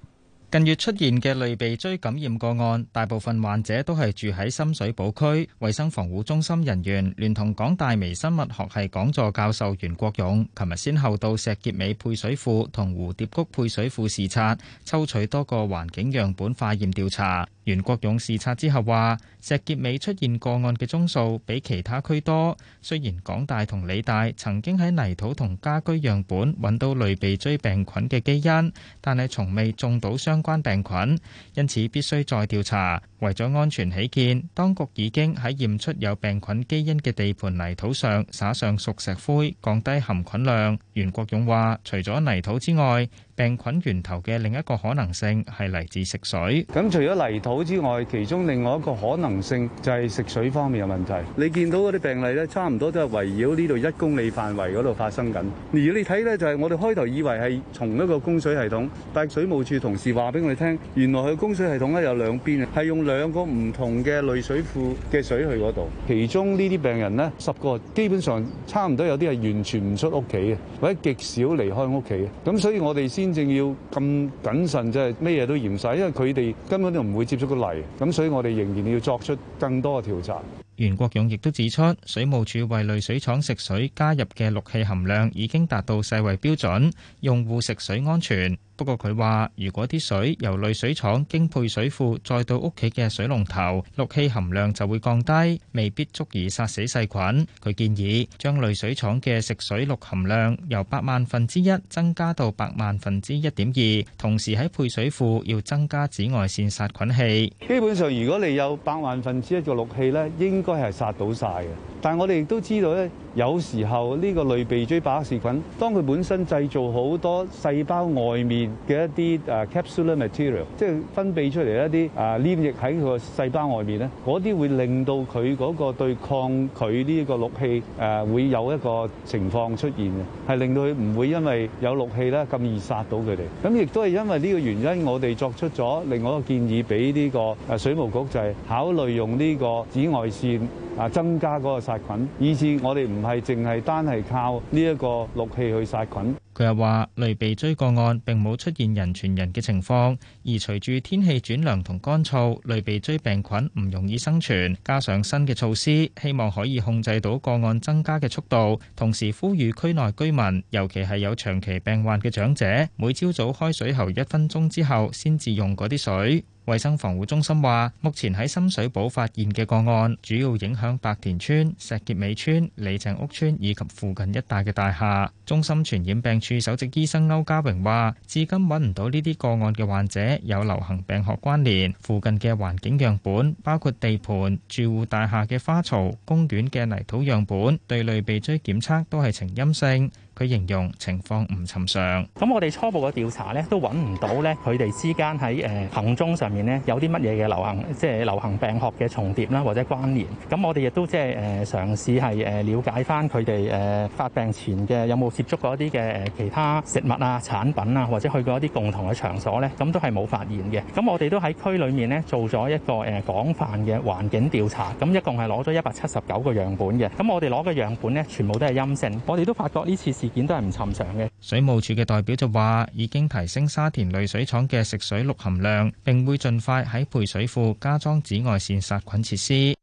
近月出現嘅類鼻疽感染個案，大部分患者都係住喺深水埗區。衞生防護中心人員聯同港大微生物學系講座教授袁國勇，琴日先後到石硤尾配水庫同蝴蝶谷配水庫視察，抽取多個環境樣本化驗調查。袁國勇視察之後話：石硤尾出現個案嘅宗數比其他區多。雖然港大同理大曾經喺泥土同家居樣本揾到類鼻疽病菌嘅基因，但係從未中到相關病菌，因此必須再調查。為咗安全起見，當局已經喺驗出有病菌基因嘅地盤泥土上灑上熟石灰，降低含菌量。袁國勇話，除咗泥土之外，病菌源頭嘅另一個可能性係嚟自食水。咁除咗泥土之外，其中另外一個可能性就係食水方面嘅問題。你見到嗰啲病例咧，差唔多都係圍繞呢度一公里範圍嗰度發生緊。而你睇咧，就係我哋開頭以為係同一個供水系統，但係水務處同事話俾我哋聽，原來佢供水系統咧，有兩邊嘅，係用。兩個唔同嘅濾水庫嘅水去嗰度，其中呢啲病人呢，十個基本上差唔多有啲係完全唔出屋企嘅，或者極少離開屋企嘅，咁所以我哋先正要咁謹慎，即係咩嘢都驗晒，因為佢哋根本都唔會接觸到泥，咁所以我哋仍然要作出更多嘅調查。袁國勇亦都指出，水務署為濾水廠食水加入嘅氯氣含量已經達到世衞標準，用戶食水安全。不過佢話，如果啲水由濾水廠經配水庫再到屋企嘅水龍頭，氯氣含量就會降低，未必足以殺死細菌。佢建議將濾水廠嘅食水氯含量由百萬分之一增加到百萬分之一點二，同時喺配水庫要增加紫外線殺菌器。基本上，如果你有百萬分之一個氯氣咧，應該係殺到晒嘅。但係我哋亦都知道咧，有時候呢個類鼻疽伯克氏菌，當佢本身製造好多細胞外面嘅一啲誒 capsular material，即係分泌出嚟一啲誒黏液喺佢個細胞外面咧，嗰啲會令到佢嗰個對抗佢呢個氯氣誒會有一個情況出現嘅，係令到佢唔會因為有氯氣咧咁易殺到佢哋。咁亦都係因為呢個原因，我哋作出咗另外一個建議俾呢個誒水務局，就係考慮用呢個紫外線啊增加嗰個殺菌，以至我哋唔係淨係單係靠呢一個氯氣去殺菌。佢又話：類鼻疽個案並冇出現人傳人嘅情況，而隨住天氣轉涼同乾燥，類鼻疽病菌唔容易生存，加上新嘅措施，希望可以控制到個案增加嘅速度。同時呼籲區內居民，尤其係有長期病患嘅長者，每朝早開水喉一分鐘之後先至用嗰啲水。衛生防護中心話，目前喺深水埗發現嘅個案，主要影響白田村、石硖尾村、李鄭屋村以及附近一帶嘅大廈。中心傳染病處首席醫生歐家榮話，至今揾唔到呢啲個案嘅患者有流行病學關聯。附近嘅環境樣本，包括地盤、住戶大廈嘅花槽、公園嘅泥土樣本，對類鼻疽檢測都係呈陰性。佢形容情況唔尋常。咁我哋初步嘅調查咧，都揾唔到咧佢哋之間喺誒行蹤上面咧有啲乜嘢嘅流行，即係流行病學嘅重疊啦，或者關聯。咁我哋亦都即係誒嘗試係誒了解翻佢哋誒發病前嘅有冇接觸過一啲嘅其他食物啊、產品啊，或者去過一啲共同嘅場所咧，咁都係冇發現嘅。咁我哋都喺區裏面咧做咗一個誒廣泛嘅環境調查，咁一共係攞咗一百七十九個樣本嘅。咁我哋攞嘅樣本咧全部都係陰性。我哋都發覺呢次事件都係唔尋常嘅。水務署嘅代表就話，已經提升沙田濾水廠嘅食水氯含量，並會盡快喺配水庫加裝紫外線殺菌設施。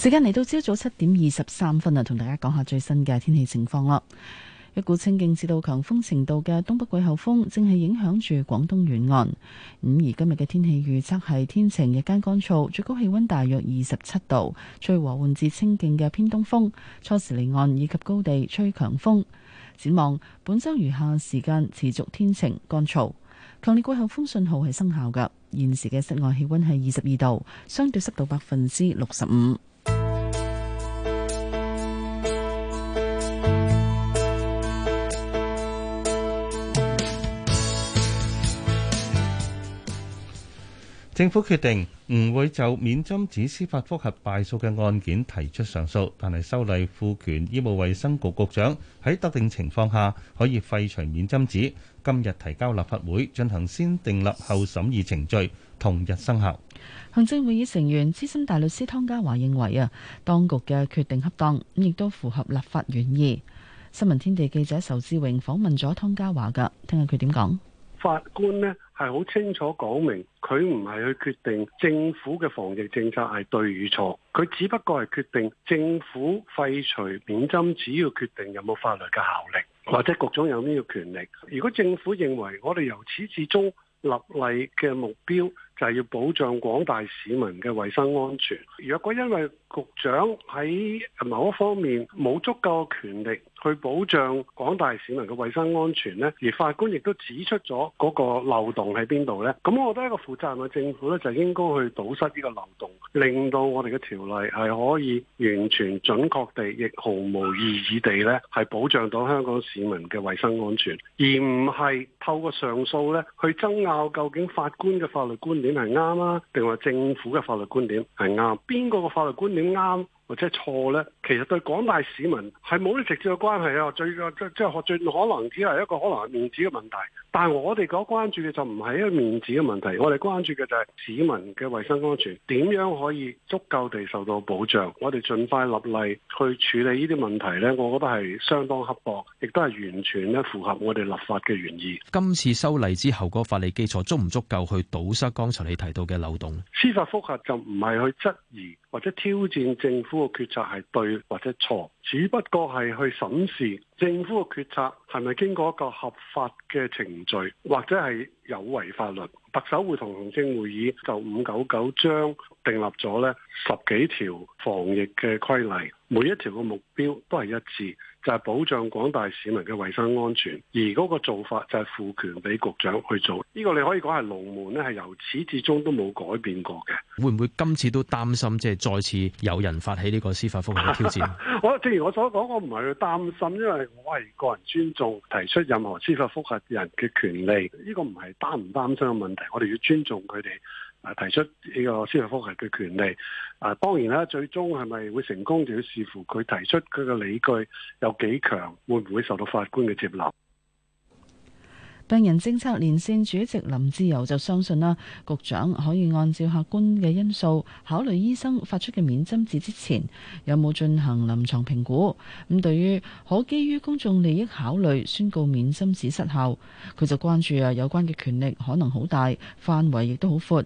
時間嚟到朝早七點二十三分啦，同大家講下最新嘅天氣情況啦。一股清勁至到強風程度嘅東北季候風正係影響住廣東沿岸，咁而今日嘅天氣預測係天晴，日間乾燥，最高氣温大約二十七度，吹和緩至清勁嘅偏東風，初時離岸以及高地吹強風。展望本週餘下時間持續天晴乾燥，強烈季候風信號係生效㗎。現時嘅室外氣温係二十二度，相對濕度百分之六十五。政府決定唔會就免針紙司法覆核敗訴嘅案件提出上訴，但係修例賦權醫務衛生局局長喺特定情況下可以廢除免針紙。今日提交立法會進行先訂立後審議程序，同日生效。行政會議成員資深大律師湯家驊認為啊，當局嘅決定恰當，亦都符合立法原意。新聞天地記者仇志榮訪問咗湯家驊㗎，聽下佢點講。法官呢，係好清楚講明，佢唔係去決定政府嘅防疫政策係對與錯，佢只不過係決定政府廢除免針，只要決定有冇法律嘅效力，或者局長有呢個權力。如果政府認為我哋由始至終立例嘅目標。就係要保障廣大市民嘅衛生安全。若果因為局長喺某一方面冇足夠嘅權力去保障廣大市民嘅衛生安全咧，而法官亦都指出咗嗰個漏洞喺邊度咧，咁我覺得一個負責任嘅政府咧，就應該去堵塞呢個漏洞，令到我哋嘅條例係可以完全準確地，亦毫無異議地咧，係保障到香港市民嘅衛生安全，而唔係透過上訴咧去爭拗究竟法官嘅法律觀點。係啱，啦定話政府嘅法律觀點係啱，邊個嘅法律觀點啱或者錯咧？其實對廣大市民係冇咩直接嘅關係啊！最即即係最可能只係一個可能係面子嘅問題。但係我哋所關注嘅就唔係一個面子嘅問題，我哋關注嘅就係市民嘅衛生安全，點樣可以足夠地受到保障？我哋盡快立例去處理呢啲問題呢，我覺得係相當刻薄，亦都係完全咧符合我哋立法嘅原意。今次修例之後，個法理基礎足唔足夠去堵塞剛才你提到嘅漏洞？司法複核就唔係去質疑或者挑戰政府嘅決策係對或者錯，只不過係去審視，政府嘅決策係咪經過一個合法嘅程序，或者係有違法律，特首會同行政會議就五九九章訂立咗咧十幾條防疫嘅規例，每一條嘅目標都係一致，就係、是、保障廣大市民嘅衞生安全。而嗰個做法就係賦權俾局長去做，呢、這個你可以講係龍門咧，係由始至終都冇改變過嘅。會唔會今次都擔心即係再次有人發起呢個司法復核嘅挑戰？我 (laughs) 正如我所講，我唔係去擔心，因為我係個人尊重提出任何司法復核人嘅權利，呢、這個唔係。擔唔擔心嘅問題，我哋要尊重佢哋誒提出呢個司法覆核嘅權利。誒當然啦，最終係咪會成功，就要視乎佢提出佢嘅理據有幾強，會唔會受到法官嘅接納。病人政策連線主席林志游就相信啦，啊，局長可以按照客觀嘅因素考慮醫生發出嘅免針紙之前有冇進行臨床評估。咁對於可基於公眾利益考慮宣告免針紙失效，佢就關注啊，有關嘅權力可能好大，範圍亦都好闊。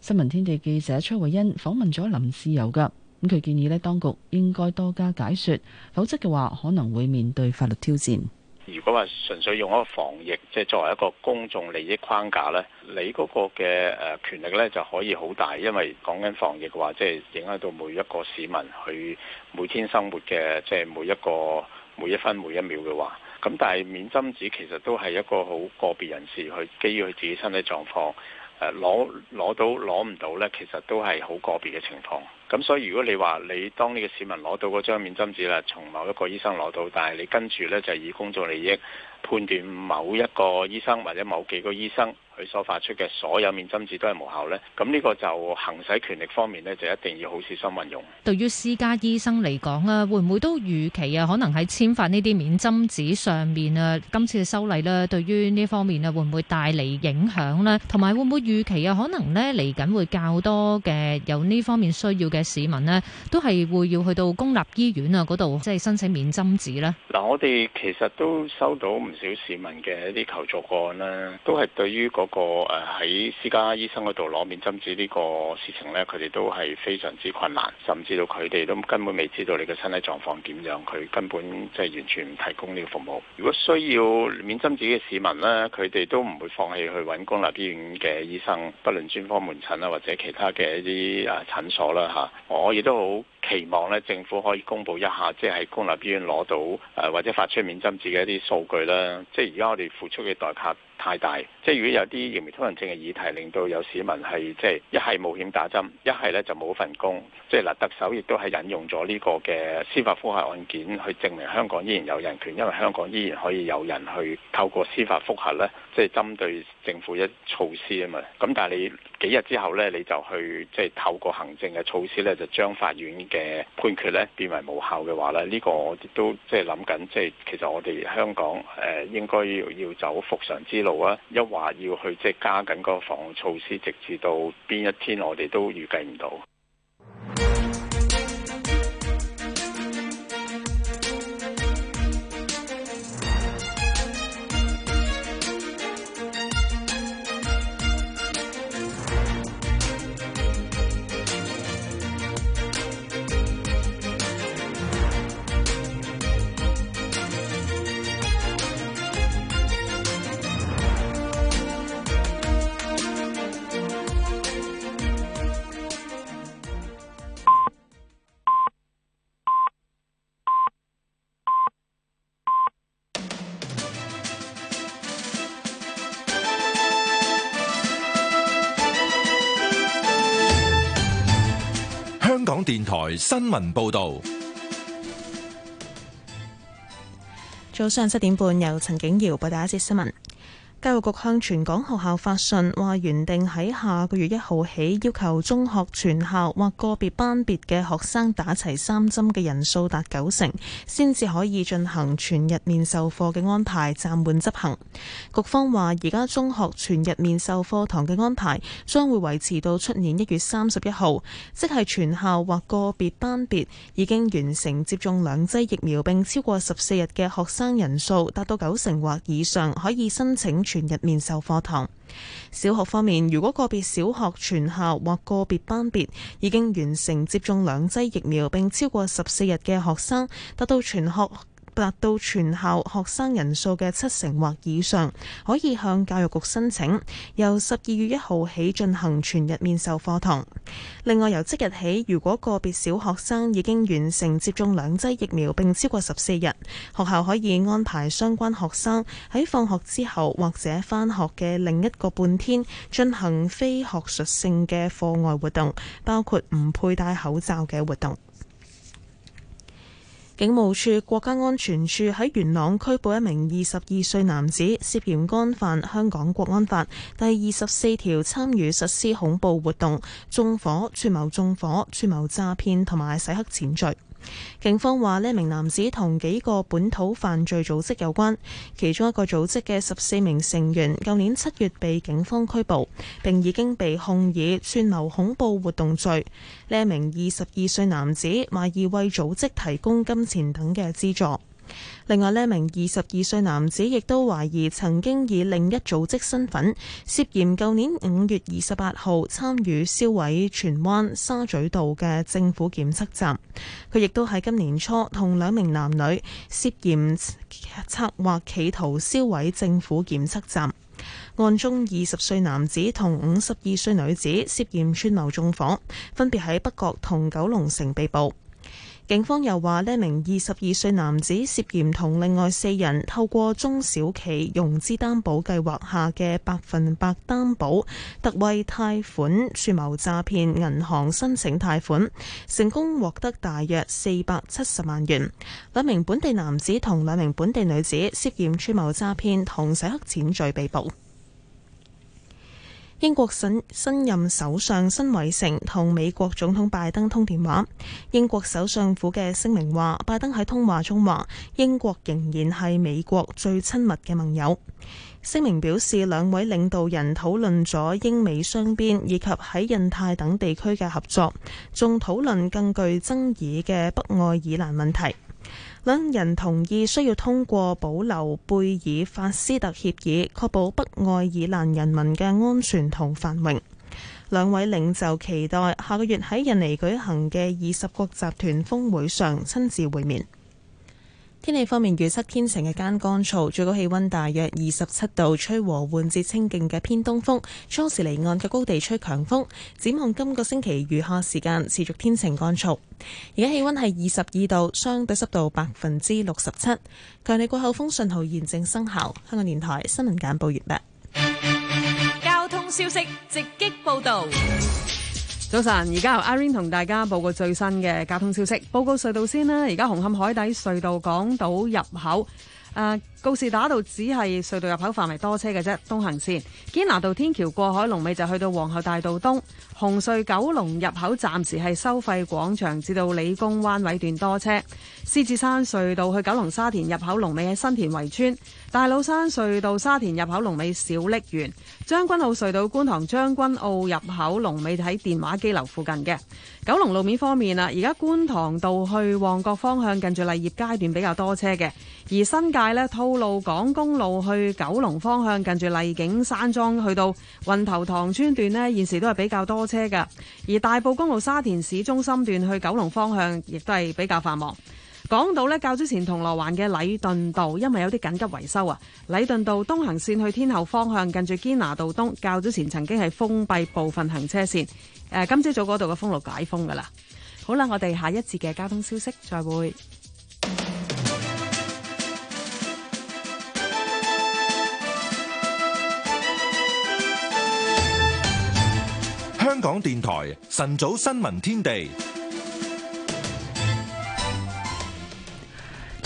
新聞天地記者崔慧欣訪問咗林志游噶，咁佢建議咧當局應該多加解說，否則嘅話可能會面對法律挑戰。如果話純粹用一個防疫，即係作為一個公眾利益框架呢，你嗰個嘅誒權力呢就可以好大，因為講緊防疫嘅話，即係影響到每一個市民佢每天生活嘅，即係每一個每一分每一秒嘅話。咁但係免針紙其實都係一個好個別人士去基於佢自己身體狀況攞攞到攞唔到呢，其實都係好個別嘅情況。咁所以如果你話你當呢個市民攞到個張免針紙啦，從某一個醫生攞到，但係你跟住咧就是，以公眾利益判斷某一個醫生或者某幾個醫生佢所發出嘅所有免針紙都係無效咧，咁呢個就行使權力方面咧就一定要好小心運用。對於私家醫生嚟講啊，會唔會都預期啊？可能喺簽發呢啲免針紙上面啊，今次嘅修例啦對於呢方面啊會唔會帶嚟影響咧？同埋會唔會預期啊？可能咧嚟緊會較多嘅有呢方面需要嘅。市民呢都係會要去到公立醫院啊嗰度，即係申請免針紙啦。嗱，我哋其實都收到唔少市民嘅一啲求助個案啦，都係對於嗰個誒喺私家醫生嗰度攞免針紙呢個事情咧，佢哋都係非常之困難，甚至到佢哋都根本未知道你嘅身體狀況點樣，佢根本即係完全唔提供呢個服務。如果需要免針紙嘅市民咧，佢哋都唔會放棄去揾公立醫院嘅醫生，不論專科門診啊或者其他嘅一啲誒診所啦吓。我亦都好期望咧，政府可以公布一下，即係喺公立醫院攞到誒，或者發出免針紙嘅一啲數據啦。即係而家我哋付出嘅代價太大，即係如果有啲疫苗通行證嘅議題令到有市民係即係一係冒險打針一係咧，就冇份工。即係嗱，特首亦都係引用咗呢個嘅司法複核案件，去證明香港依然有人權，因為香港依然可以有人去透過司法複核咧，即係針對政府一措施啊嘛。咁但係你幾日之後咧，你就去即係透過行政嘅措施咧，就將法院嘅判決咧變為無效嘅話咧，呢、這個我亦都即係諗緊，即係其實我哋香港誒、呃、應該要要走復常之路。度啊，一話要去即係加緊嗰個防護措施，直至到邊一天我哋都預計唔到。新聞報導。早上七點半，由陳景瑤報道一節新聞。教育局向全港學校發信，話，原定喺下個月一號起，要求中學全校或個別班別嘅學生打齊三針嘅人數達九成，先至可以進行全日面授課嘅安排暫緩執行。局方話，而家中學全日面授課堂嘅安排將會維持到出年一月三十一號，即係全校或個別班別已經完成接種兩劑疫苗並超過十四日嘅學生人數達到九成或以上，可以申請。全日面授課堂。小學方面，如果個別小學全校或個別班別已經完成接種兩劑疫苗並超過十四日嘅學生，得到全學。達到全校學生人數嘅七成或以上，可以向教育局申請，由十二月一號起進行全日面授課堂。另外，由即日起，如果個別小學生已經完成接種兩劑疫苗並超過十四日，學校可以安排相關學生喺放學之後或者返學嘅另一個半天進行非學術性嘅課外活動，包括唔佩戴口罩嘅活動。警務處國家安全處喺元朗拘捕一名二十二歲男子，涉嫌干犯香港國安法第二十四條，參與實施恐怖活動、縱火、串謀縱火、串謀詐騙同埋洗黑錢罪。警方話呢名男子同幾個本土犯罪組織有關，其中一個組織嘅十四名成員舊年七月被警方拘捕，並已經被控以串謀恐怖活動罪。呢一名二十二歲男子，賣意為組織提供金錢等嘅資助。另外，呢名二十二歲男子亦都懷疑曾經以另一組織身份涉嫌舊年五月二十八號參與燒毀荃灣沙咀道嘅政府檢測站。佢亦都喺今年初同兩名男女涉嫌策劃企圖燒毀政府檢測站。案中二十歲男子同五十二歲女子涉嫌串謀縱火，分別喺北角同九龍城被捕。警方又話，呢名二十二歲男子涉嫌同另外四人透過中小企融資擔保計劃下嘅百分百擔保，特惠貸款串謀詐騙銀行申請貸款，成功獲得大約四百七十萬元。兩名本地男子同兩名本地女子涉嫌串謀詐騙同洗黑錢罪被捕。英國新任首相辛偉成同美國總統拜登通電話。英國首相府嘅聲明話，拜登喺通話中話，英國仍然係美國最親密嘅盟友。聲明表示，兩位領導人討論咗英美雙邊以及喺印太等地區嘅合作，仲討論更具爭議嘅北愛爾蘭問題。兩人同意需要通過保留貝爾法斯特協議，確保北愛爾蘭人民嘅安全同繁榮。兩位領袖期待下個月喺印尼舉行嘅二十國集團峰會上親自會面。天氣方面，預測天晴日間乾燥，最高氣溫大約二十七度，吹和緩至清勁嘅偏東風。初時離岸嘅高地吹強風。展望今個星期餘下時間持續天晴乾燥。而家氣溫係二十二度，相對濕度百分之六十七。強烈季候風信號現正生效。香港電台新聞簡報完畢。交通消息直擊報道。早晨，而家由 Irene 同大家報告最新嘅交通消息。報告隧道先啦，而家紅磡海底隧道港島入口，誒、呃，告士打道只係隧道入口範圍多車嘅啫。東行線堅拿道天橋過海龍尾就去到皇后大道東。紅隧九龍入口暫時係收費廣場至到理工灣位段多車。獅子山隧道去九龍沙田入口龍尾喺新田圍村。大老山隧道沙田入口龍尾小瀝源。將軍澳隧道觀塘將軍澳入口龍尾喺電話機樓附近嘅九龍。路面方面啊，而家觀塘道去旺角方向，近住勵業街段比較多車嘅；而新界咧，吐露港公路去九龍方向，近住麗景山莊去到運頭塘村段咧，現時都係比較多車嘅；而大埔公路沙田市中心段去九龍方向，亦都係比較繁忙。講到咧，較早前銅鑼灣嘅禮頓道，因為有啲緊急維修啊，禮頓道東行線去天后方向，近住堅拿道東，較早前曾經係封閉部分行車線，誒、呃，今朝早嗰度嘅封路解封㗎喇。好啦，我哋下一節嘅交通消息，再會。香港電台晨早新聞天地。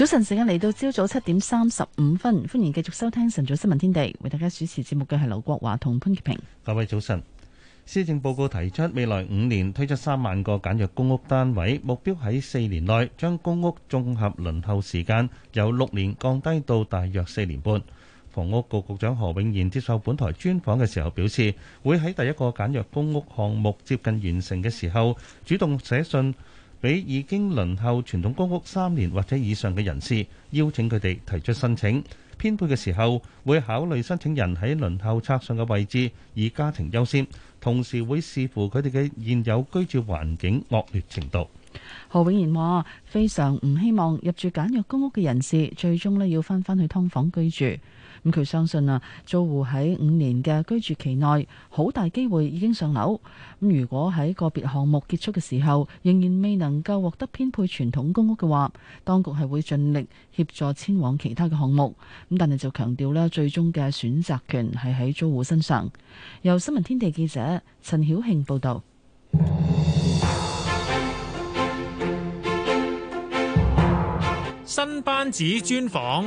早晨，時間嚟到朝早七點三十五分，歡迎繼續收聽晨早新聞天地。為大家主持節目嘅係劉國華同潘潔平。各位早晨，施政報告提出未來五年推出三萬個簡約公屋單位，目標喺四年內將公屋綜合輪候時間由六年降低到大約四年半。房屋局局長何永賢接受本台專訪嘅時候表示，會喺第一個簡約公屋項目接近完成嘅時候，主動寫信。畀已經輪候傳統公屋三年或者以上嘅人士，邀請佢哋提出申請。編配嘅時候會考慮申請人喺輪候冊上嘅位置，以家庭優先，同時會視乎佢哋嘅現有居住環境惡劣程度。何永賢話：非常唔希望入住簡約公屋嘅人士最終呢要返返去劏房居住。咁佢相信啊，租戶喺五年嘅居住期內，好大機會已經上樓。咁如果喺個別項目結束嘅時候，仍然未能夠獲得編配傳統公屋嘅話，當局係會盡力協助遷往其他嘅項目。咁但係就強調咧，最終嘅選擇權係喺租戶身上。由新聞天地記者陳曉慶報道。新班子專訪。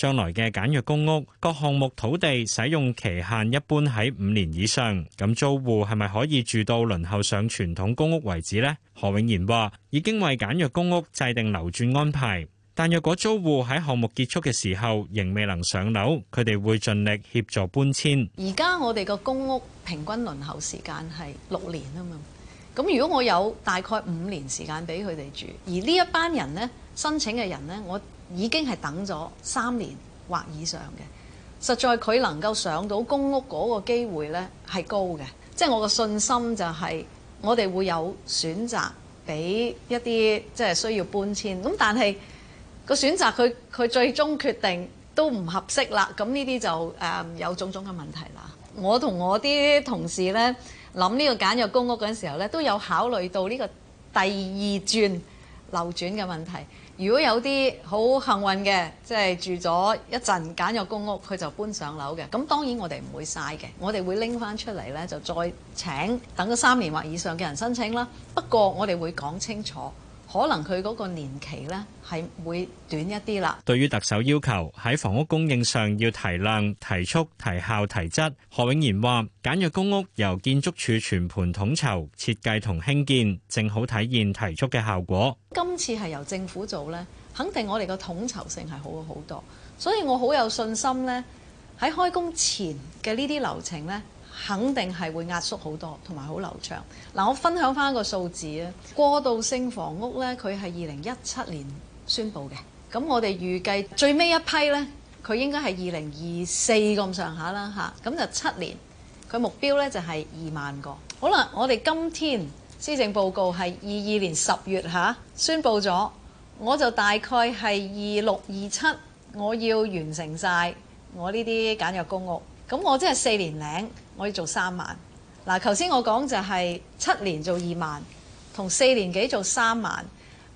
將來嘅簡約公屋各項目土地使用期限一般喺五年以上，咁租戶係咪可以住到輪候上傳統公屋為止呢？何永賢話：已經為簡約公屋制定流轉安排，但若果租戶喺項目結束嘅時候仍未能上樓，佢哋會盡力協助搬遷。而家我哋個公屋平均輪候時間係六年啊嘛，咁如果我有大概五年時間俾佢哋住，而呢一班人呢申請嘅人呢，我。已經係等咗三年或以上嘅，實在佢能夠上到公屋嗰個機會呢係高嘅，即係我個信心就係我哋會有選擇俾一啲即係需要搬遷咁，但係個選擇佢佢最終決定都唔合適啦，咁呢啲就誒有種種嘅問題啦。我同我啲同事呢，諗呢個簡約公屋嗰陣時候呢，都有考慮到呢個第二轉流轉嘅問題。如果有啲好幸運嘅，即係住咗一陣揀咗公屋，佢就搬上樓嘅。咁當然我哋唔會嘥嘅，我哋會拎返出嚟呢，就再請等咗三年或以上嘅人申請啦。不過我哋會講清楚。可能佢嗰個年期咧，係會短一啲啦。對於特首要求喺房屋供應上要提量、提速、提效、提質，何永賢話簡約公屋由建築署全盤統籌設計同興建，正好體現提速嘅效果。今次係由政府做咧，肯定我哋個統籌性係好咗好多，所以我好有信心咧喺開工前嘅呢啲流程咧。肯定係會壓縮好多，同埋好流暢。嗱，我分享返個數字啊。過渡性房屋呢，佢係二零一七年宣布嘅。咁我哋預計最尾一批呢，佢應該係二零二四咁上下啦嚇。咁就七年，佢目標呢就係、是、二萬個。好啦，我哋今天施政報告係二二年十月嚇、啊、宣布咗，我就大概係二六二七，我要完成晒我呢啲簡約公屋。咁我真係四年零，我要做三萬。嗱、啊，頭先我講就係七年做二萬，同四年幾做三萬，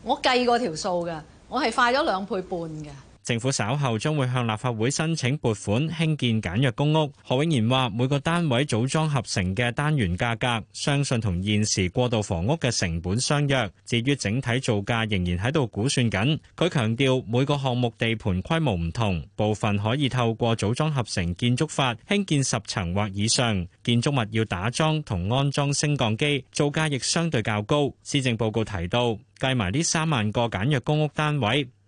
我計過條數嘅，我係快咗兩倍半嘅。政府稍後將會向立法會申請撥款興建簡約公屋。何永賢話：每個單位組裝合成嘅單元價格，相信同現時過渡房屋嘅成本相若。至於整體造價仍然喺度估算緊。佢強調每個項目地盤規模唔同，部分可以透過組裝合成建築法興建十層或以上建築物，要打樁同安裝升降機，造價亦相對較高。施政報告提到，計埋呢三萬個簡約公屋單位。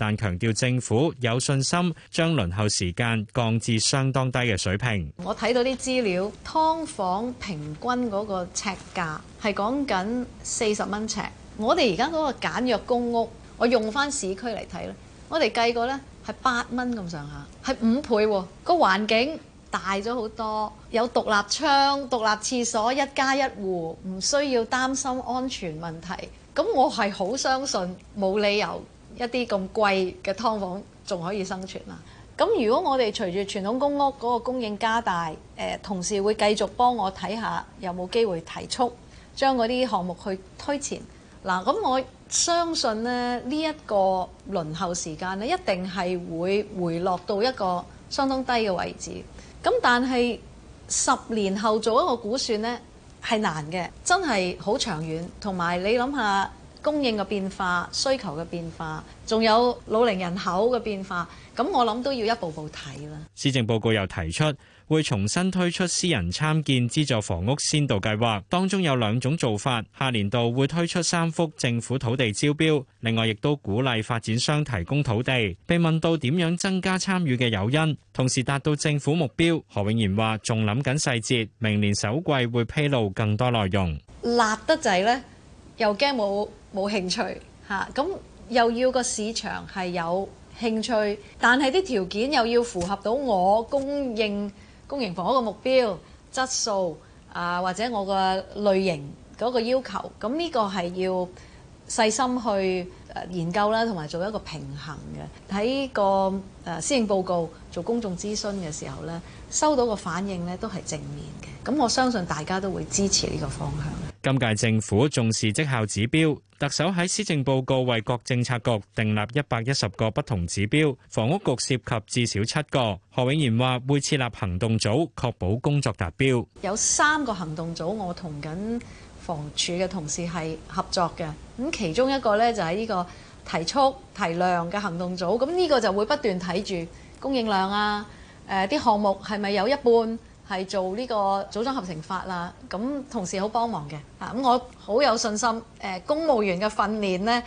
但強調政府有信心將輪候時間降至相當低嘅水平。我睇到啲資料，劏房平均嗰個尺價係講緊四十蚊尺。我哋而家嗰個簡約公屋，我用翻市區嚟睇咧，我哋計過咧係八蚊咁上下，係五倍。個環境大咗好多，有獨立窗、獨立廁所，一家一戶，唔需要擔心安全問題。咁我係好相信，冇理由。一啲咁貴嘅劏房仲可以生存啊！咁如果我哋隨住傳統公屋嗰個供應加大，誒、呃、同時會繼續幫我睇下有冇機會提速，將嗰啲項目去推前。嗱，咁我相信咧呢一、呢個輪候時間咧一定係會回落到一個相當低嘅位置。咁但係十年後做一個估算咧，係難嘅，真係好長遠，同埋你諗下。供應嘅變化、需求嘅變化，仲有老齡人口嘅變化，咁我諗都要一步步睇啦。施政報告又提出會重新推出私人參建資助房屋先導計劃，當中有兩種做法，下年度會推出三幅政府土地招標，另外亦都鼓勵發展商提供土地。被問到點樣增加參與嘅誘因，同時達到政府目標，何永賢話仲諗緊細節，明年首季會披露更多內容。辣得滯呢。」又驚冇冇興趣嚇，咁又要個市場係有興趣，但係啲條件又要符合到我供應公營房屋嗰個目標質素啊，或者我個類型嗰個要求，咁呢個係要細心去研究啦，同埋做一個平衡嘅。睇個誒施政報告做公眾諮詢嘅時候咧，收到個反應咧都係正面嘅。咁我相信大家都會支持呢個方向。今屆政府重視績效指標，特首喺施政報告為各政策局訂立一百一十個不同指標，房屋局涉及至少七個。何永賢話會設立行動組，確保工作達標。有三個行動組，我同緊房署嘅同事係合作嘅。咁其中一個呢就喺呢個提速提量嘅行動組，咁呢個就會不斷睇住供應量啊，誒啲項目係咪有一半？係做呢個組裝合成法啦，咁同時好幫忙嘅，啊咁我好有信心，誒公務員嘅訓練呢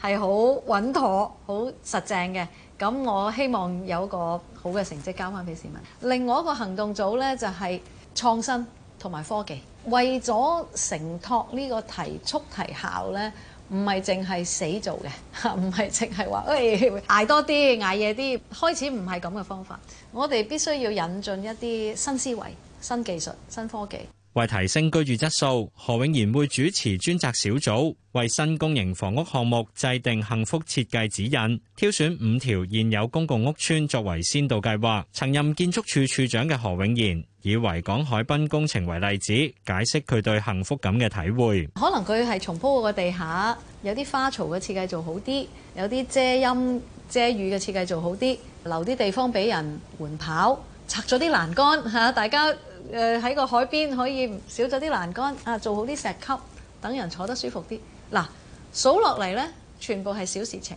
係好穩妥、好實正嘅，咁我希望有個好嘅成績交翻俾市民。另外一個行動組呢就係創新同埋科技，為咗承托呢個提速提效呢。唔係淨係死做嘅，唔係淨係話，誒捱多啲，捱夜啲。開始唔係咁嘅方法，我哋必須要引進一啲新思維、新技術、新科技。為提升居住質素，何永賢會主持專責小組，為新公營房屋項目制定幸福設計指引，挑選五條現有公共屋邨，作為先導計劃。曾任建築署署長嘅何永賢以維港海濱工程為例子，解釋佢對幸福感嘅體會。可能佢係重鋪個地下，有啲花槽嘅設計做好啲，有啲遮陰遮雨嘅設計做好啲，留啲地方俾人緩跑，拆咗啲欄杆吓，大家。誒喺個海邊可以少咗啲欄杆啊，做好啲石級，等人坐得舒服啲。嗱，數落嚟呢，全部係小事情，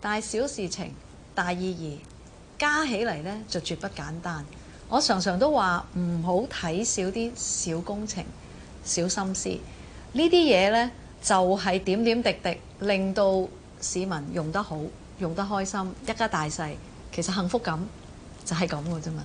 但係小事情大意義，加起嚟呢，就絕不簡單。我常常都話唔好睇少啲小工程、小心思呢啲嘢呢，就係、是、點點滴滴令到市民用得好、用得開心，一家大細其實幸福感就係咁嘅啫嘛。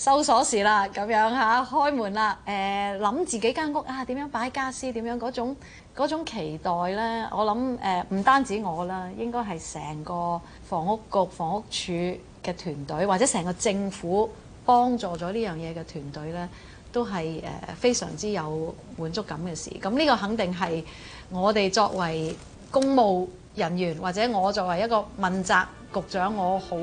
收鎖匙啦，咁樣吓，開門啦，誒，諗自己間屋啊，點樣擺家俬，點樣嗰種嗰種期待呢，我諗誒唔單止我啦，應該係成個房屋局房屋處嘅團隊，或者成個政府幫助咗呢樣嘢嘅團隊呢，都係誒非常之有滿足感嘅事。咁呢個肯定係我哋作為公務人員，或者我作為一個問責局長，我好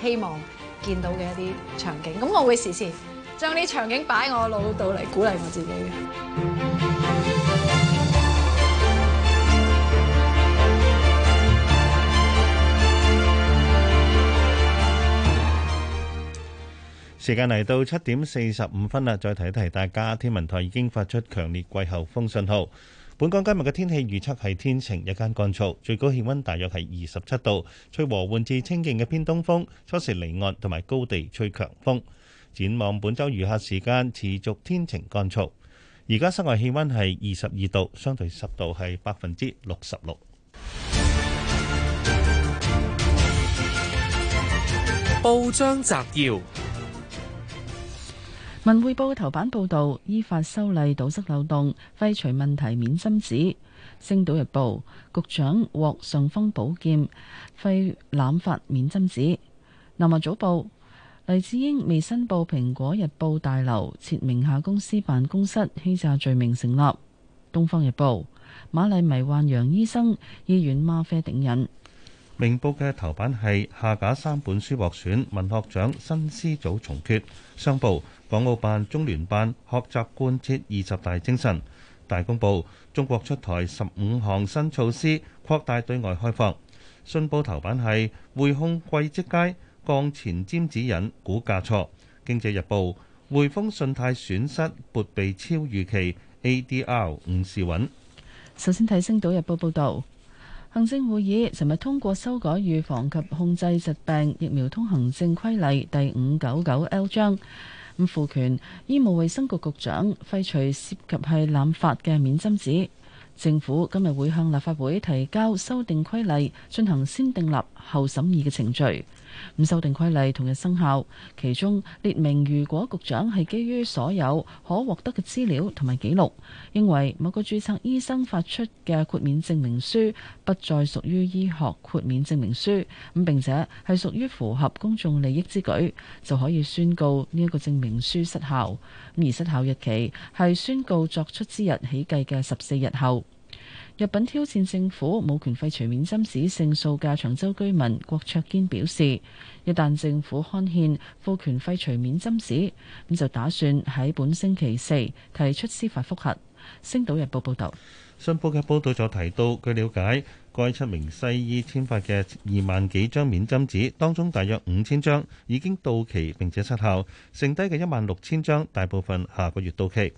希望，見到嘅一啲場景，咁我會時時將啲場景擺我腦度嚟鼓勵我自己嘅。時間嚟到七點四十五分啦，再提一提大家，天文台已經發出強烈季候風信號。本港今日嘅天氣預測係天晴，日間乾燥，最高氣溫大約係二十七度，吹和緩至清勁嘅偏東風，初時離岸同埋高地吹強風。展望本周餘下時間持續天晴乾燥。而家室外氣溫係二十二度，相對濕度係百分之六十六。報章摘要。文匯報頭版報道：依法修例堵塞漏洞，廢除問題免針紙。星島日報局長獲尚方寶劍，廢濫發免針紙。南華早報黎智英未申報蘋果日報大樓設名下公司辦公室，欺詐罪，罪名成立。東方日報瑪麗迷幻楊醫生，醫院嗎啡頂癮。明報嘅頭版係下架三本書獲選文學獎，新詩組重缺。商報。港澳辦、中聯辦學習貫徹二十大精神大公佈，中國出台十五項新措施擴大對外開放。信報頭版係匯控季績佳降前瞻指引股價挫。經濟日報匯豐信貸損失撥備超預期，ADR 五市穩。首先睇星島日報報導，行政會議尋日通過修改預防及控制疾病疫苗通行證規例第五九九 L 章。咁賦權醫務衛生局局長廢除涉及係濫發嘅免針紙，政府今日會向立法會提交修訂規例，進行先訂立後審議嘅程序。咁修訂規例同日生效，其中列明如果局長係基於所有可獲得嘅資料同埋記錄，認為某個註冊醫生發出嘅豁免證明書不再屬於醫學豁免證明書，咁並且係屬於符合公眾利益之舉，就可以宣告呢一個證明書失效，而失效日期係宣告作出之日起計嘅十四日後。日品挑戰政府冇權廢除免針紙，勝訴嘅長洲居民郭卓堅表示：一旦政府刊憲賦權廢除免針紙，咁就打算喺本星期四提出司法覆核。星島日報報道，新報嘅報導就提到，據了解，該七名西醫簽發嘅二萬幾張免針紙，當中大約五千張已經到期並且失效，剩低嘅一萬六千張大部分下個月到期。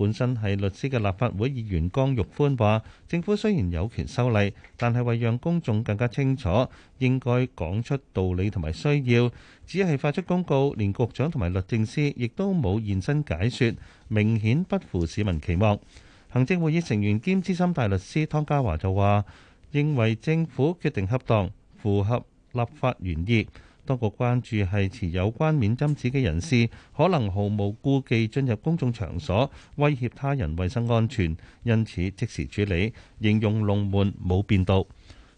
本身係律師嘅立法會議員江玉歡話：政府雖然有權修例，但係為讓公眾更加清楚，應該講出道理同埋需要。只係發出公告，連局長同埋律政司亦都冇現身解説，明顯不符市民期望。行政會議成員兼資深大律師湯家驊就話：認為政府決定恰當，符合立法原意。多個關注係持有關免針紙嘅人士，可能毫無顧忌進入公眾場所，威脅他人衞生安全，因此即時處理。形容龍門冇變道，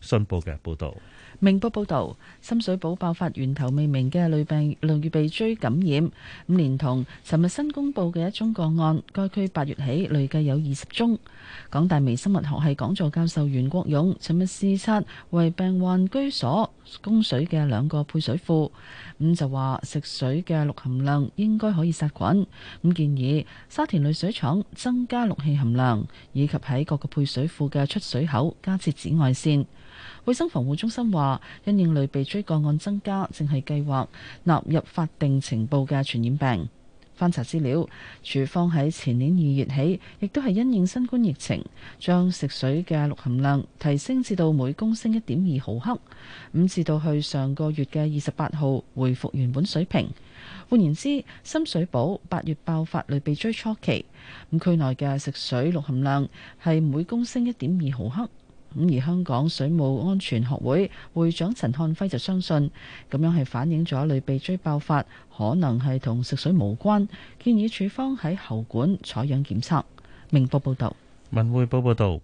信報嘅報導。明報報導，深水埗爆發源頭未明嘅類病類預備追感染，五連同尋日新公布嘅一宗個案，該區八月起累計有二十宗。港大微生物學系講座教授袁國勇尋日視察為病患居所供水嘅兩個配水庫，咁就話食水嘅氯含量應該可以殺菌，咁建議沙田濾水廠增加氯氣含量，以及喺各個配水庫嘅出水口加設紫外線。衛生防護中心話，因應類鼻疽個案增加，正係計劃納入法定情報嘅傳染病。翻查資料，處方喺前年二月起，亦都係因應新冠疫情，將食水嘅氯含量提升至到每公升一點二毫克，咁至到去上個月嘅二十八號回復原本水平。換言之，深水埗八月爆發類鼻疽初期，咁區內嘅食水氯含量係每公升一點二毫克。咁而香港水務安全學會會長陳漢輝就相信，咁樣係反映咗類鼻疽爆發可能係同食水無關，建議處方喺喉管採樣檢測。明報報道。文匯報報道。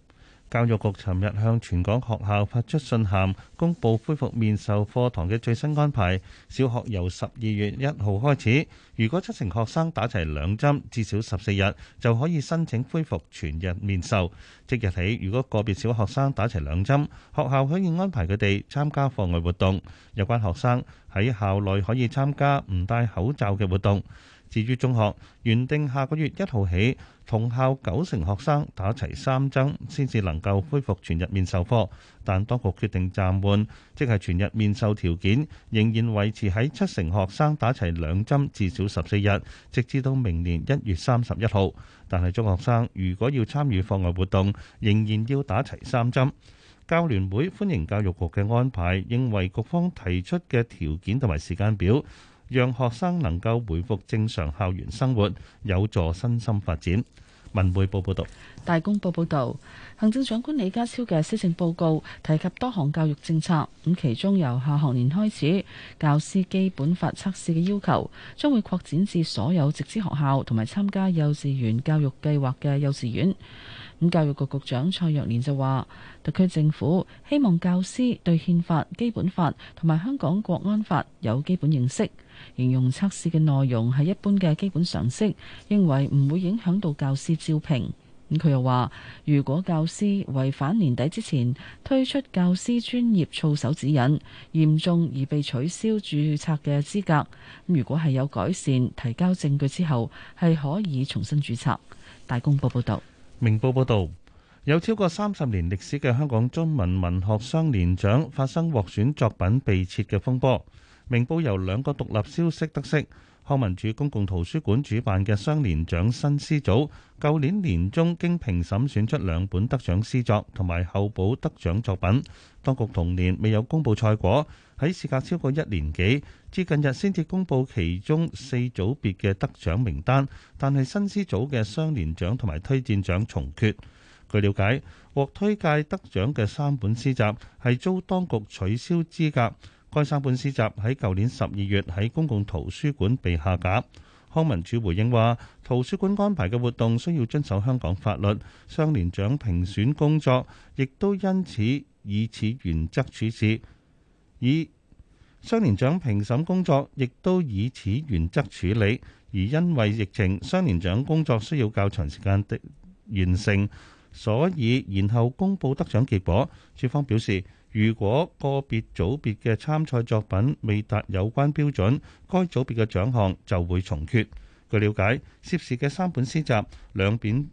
教育局尋日向全港學校發出信函，公布恢復面授課堂嘅最新安排。小學由十二月一號開始，如果七成學生打齊兩針，至少十四日就可以申請恢復全日面授。即日起，如果個別小學生打齊兩針，學校可以安排佢哋參加課外活動。有關學生喺校內可以參加唔戴口罩嘅活動。至於中學，原定下個月一號起。同校九成學生打齊三針，先至能夠恢復全日面授課。但當局決定暫緩，即係全日面授條件仍然維持喺七成學生打齊兩針至少十四日，直至到明年一月三十一號。但係中學生如果要參與課外活動，仍然要打齊三針。教聯會歡迎教育局嘅安排，認為局方提出嘅條件同埋時間表。讓學生能夠回復正常校園生活，有助身心發展。文匯報報道，大公報報道，行政長官李家超嘅施政報告提及多項教育政策，咁其中由下學年開始，教師基本法測試嘅要求將會擴展至所有直資學校同埋參加幼稚園教育計劃嘅幼稚園。咁教育局局長蔡若蓮就話，特區政府希望教師對憲法、基本法同埋香港國安法有基本認識。形容測試嘅內容係一般嘅基本常識，認為唔會影響到教師招聘。咁佢又話，如果教師違反年底之前推出教師專業操守指引，嚴重而被取消註冊嘅資格。如果係有改善，提交證據之後係可以重新註冊。大公報報道，明報報道，有超過三十年歷史嘅香港中文文學雙年獎發生獲選作品被撤嘅風波。明報由兩個獨立消息得悉，康文署公共圖書館主辦嘅雙年獎新詩組，舊年年中經評審選出兩本得獎詩作同埋候補得獎作品。當局同年未有公佈賽果，喺事隔超過一年幾，至近日先至公佈其中四組別嘅得獎名單，但係新詩組嘅雙年獎同埋推薦獎從缺。據了解，獲推介得獎嘅三本詩集係遭當局取消資格。《該三本詩集》喺舊年十二月喺公共圖書館被下架。康文署回應話，圖書館安排嘅活動需要遵守香港法律。雙年獎評選工作亦都因此以此原則處置，以雙年獎評審工作亦都以此原則處理。而因為疫情，雙年獎工作需要較長時間的完成，所以然後公布得獎結果，署方表示。如果個別組別嘅參賽作品未達有關標準，該組別嘅獎項就會從缺。據了解，涉事嘅三本詩集、兩篇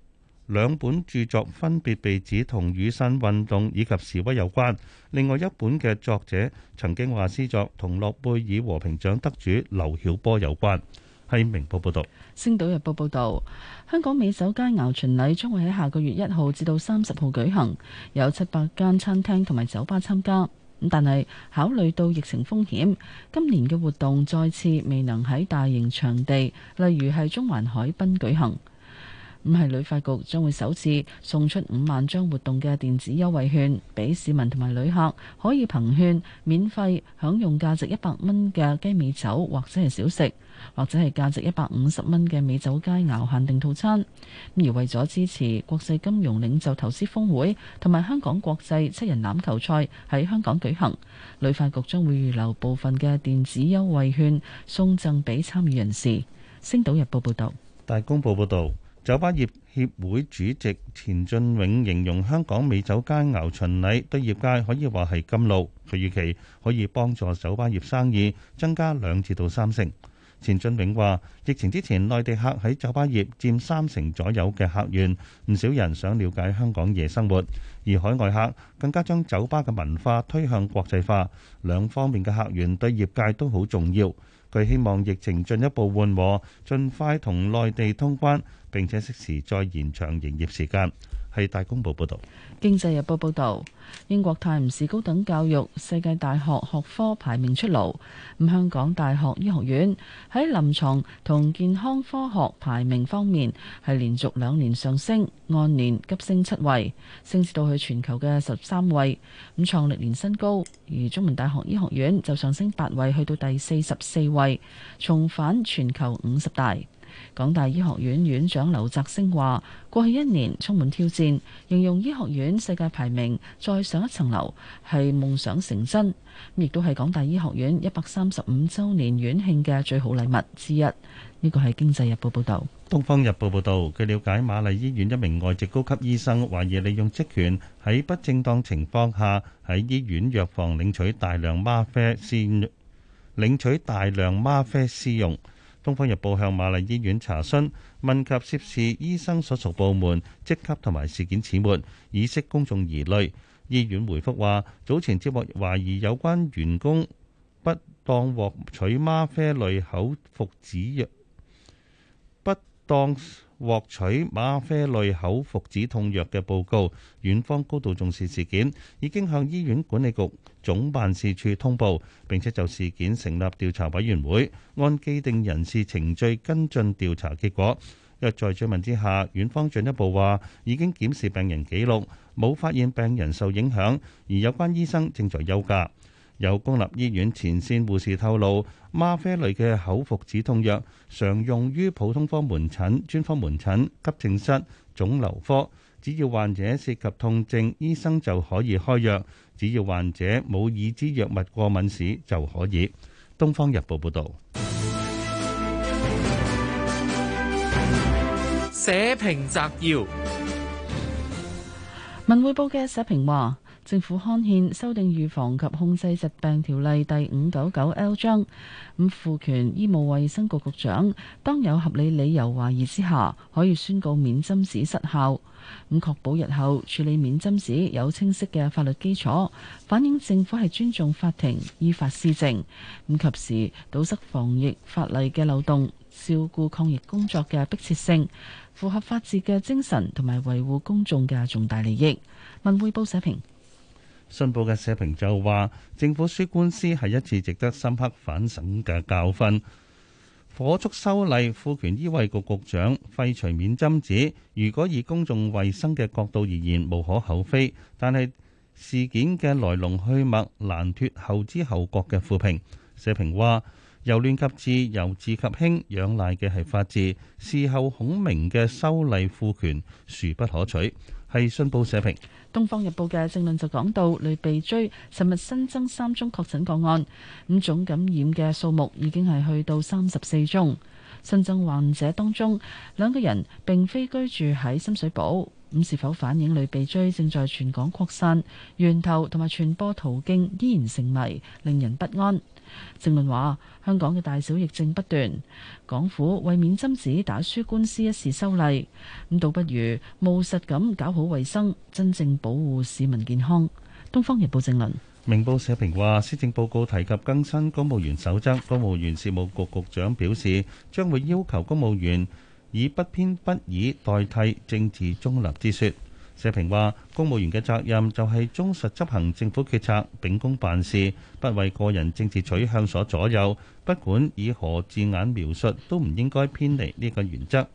兩本著作分別被指同雨傘運動以及示威有關，另外一本嘅作者曾經話詩作同諾貝爾和平獎得主劉曉波有關。係明報報道，《星島日報》報道，香港美酒佳肴巡禮將會喺下個月一號至到三十號舉行，有七百間餐廳同埋酒吧參加。咁但係考慮到疫情風險，今年嘅活動再次未能喺大型場地，例如係中環海濱舉行。咁係旅發局將會首次送出五萬張活動嘅電子優惠券，俾市民同埋旅客可以憑券免費享用價值一百蚊嘅雞尾酒，或者係小食，或者係價值一百五十蚊嘅美酒佳肴限定套餐。而為咗支持國際金融領袖投資峰會同埋香港國際七人欖球賽喺香港舉行，旅發局將會預留部分嘅電子優惠券送贈俾參與人士。星島日報報道。大公報報道。酒吧業協會主席錢俊永形容香港美酒佳肴巡禮對業界可以話係甘露，佢預期可以幫助酒吧業生意增加兩至到三成。錢俊永話：疫情之前，內地客喺酒吧業佔三成左右嘅客源，唔少人想了解香港夜生活，而海外客更加將酒吧嘅文化推向國際化，兩方面嘅客源對業界都好重要。佢希望疫情進一步緩和，盡快同內地通關。並且適時再延長營業時間，係《大公報》報道，《經濟日報》報道英國泰晤士高等教育世界大學學科排名出爐，咁香港大學醫學院喺臨床同健康科學排名方面係連續兩年上升，按年急升七位，升至到去全球嘅十三位。咁創歷年新高。而中文大學醫學院就上升八位，去到第四十四位，重返全球五十大。港大醫學院院長劉澤星話：過去一年充滿挑戰，形容醫學院世界排名再上一層樓係夢想成真，亦都係港大醫學院一百三十五周年院慶嘅最好禮物之一。呢個係《經濟日報》報道，《東方日報》報道，據了解，瑪麗醫院一名外籍高級醫生懷疑利用職權喺不正當情況下喺醫院藥房領取大量嗎啡私領取大量嗎啡私用。《東方日報》向瑪麗醫院查詢，問及涉事醫生所屬部門職級同埋事件始末，以釋公眾疑慮。醫院回覆話：早前接獲懷疑有關員工不當獲取嗎啡類口服止藥、不當獲取嗎啡類口服止痛藥嘅報告，院方高度重視事件，已經向醫院管理局總辦事處通報，並且就事件成立調查委員會，按既定人事程序跟進調查結果。一再追問之下，院方進一步話，已經檢視病人記錄，冇發現病人受影響，而有關醫生正在休假。有公立醫院前綫護士透露，嗎啡類嘅口服止痛藥常用於普通科門診、專科門診、急症室、腫瘤科，只要患者涉及痛症，醫生就可以開藥。只要患者冇已知藥物過敏史，就可以。東方日報報道。社評摘要：文匯報嘅社評話。政府刊憲修訂《預防及控制疾病條例》第五九九 L 章，咁賦權醫務衛生局局長，當有合理理由懷疑之下，可以宣告免針紙失效，咁確保日後處理免針紙有清晰嘅法律基礎，反映政府係尊重法庭、依法施政，咁及時堵塞防疫法例嘅漏洞，照顧抗疫工作嘅迫切性，符合法治嘅精神同埋維護公眾嘅重大利益。文匯報社評。信報嘅社評就話：政府輸官司係一次值得深刻反省嘅教訓。火速修例，賦權醫衞局局長廢除免針紙，如果以公眾衞生嘅角度而言，無可厚非。但係事件嘅來龍去脈，難脱後知後覺嘅負評。社評話。由亂及治，由治及興，仰賴嘅係法治。事後孔明嘅修例賦權殊不可取，係信報社評。《東方日報》嘅政論就講到，類鼻疽，尋日新增三宗確診個案，咁總感染嘅數目已經係去到三十四宗。新增患者當中，兩個人並非居住喺深水埗，咁是否反映類鼻疽正在全港擴散，源頭同埋傳播途徑依然成謎，令人不安。正論話：香港嘅大小疫症不斷，港府為免針子打輸官司，一事修例咁，倒不如務實咁搞好衛生，真正保護市民健康。東方日報正論。明報社評話，施政報告提及更新公務員守則，公務員事務局局長表示將會要求公務員以不偏不倚代替政治中立之說。社評話，公務員嘅責任就係忠實執行政府決策，秉公辦事，不為個人政治取向所左右。不管以何字眼描述，都唔應該偏離呢個原則。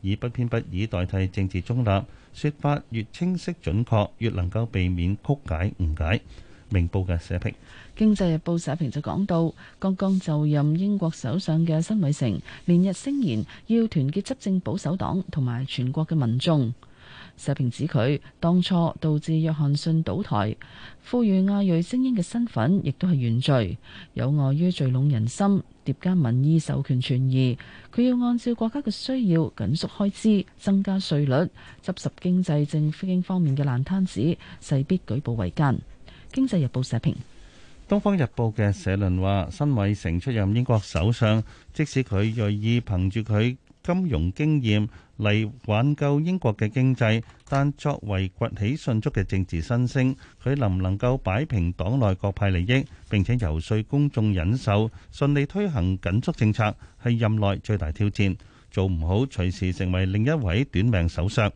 以不偏不倚代替政治中立，說法越清晰準確，越能夠避免曲解誤解。明報嘅社評，《經濟日報》社評就講到，剛剛就任英國首相嘅辛偉誠連日聲言，要團結執政保守黨同埋全國嘅民眾。社評指佢當初導致約翰遜倒台，富裕亞裔精英嘅身份亦都係原罪，有礙於聚攏人心、疊加民意、授權存疑。佢要按照國家嘅需要緊縮開支、增加稅率、執拾經濟政府經方面嘅爛攤子，勢必舉步維艱。經濟日報社評，東方日報嘅社論話：辛偉誠出任英國首相，即使佢銳意憑住佢金融經驗。嚟挽救英國嘅經濟，但作為崛起迅速嘅政治新星，佢能唔能夠擺平黨內各派利益，並且遊説公眾忍受，順利推行緊縮政策，係任內最大挑戰。做唔好，隨時成為另一位短命首相。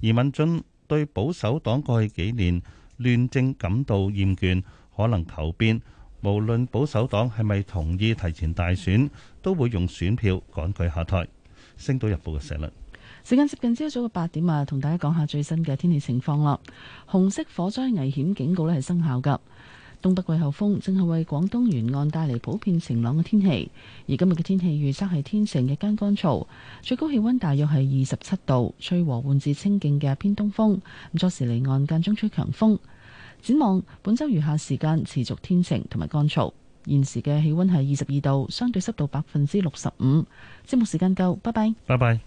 而民眾對保守黨過去幾年亂政感到厭倦，可能求變。無論保守黨係咪同意提前大選，都會用選票趕佢下台。《星島日報》嘅社論。時間接近朝早嘅八點啊，同大家講下最新嘅天氣情況啦。紅色火災危險警告呢係生效噶。東北季候風正係為廣東沿岸帶嚟普遍晴朗嘅天氣，而今日嘅天氣預測係天晴，日間乾燥，最高氣溫大約係二十七度，吹和緩至清勁嘅偏東風咁。初時離岸間中吹強風。展望本周餘下時間持續天晴同埋乾燥。現時嘅氣溫係二十二度，相對濕度百分之六十五。節目時間夠，拜拜，拜拜。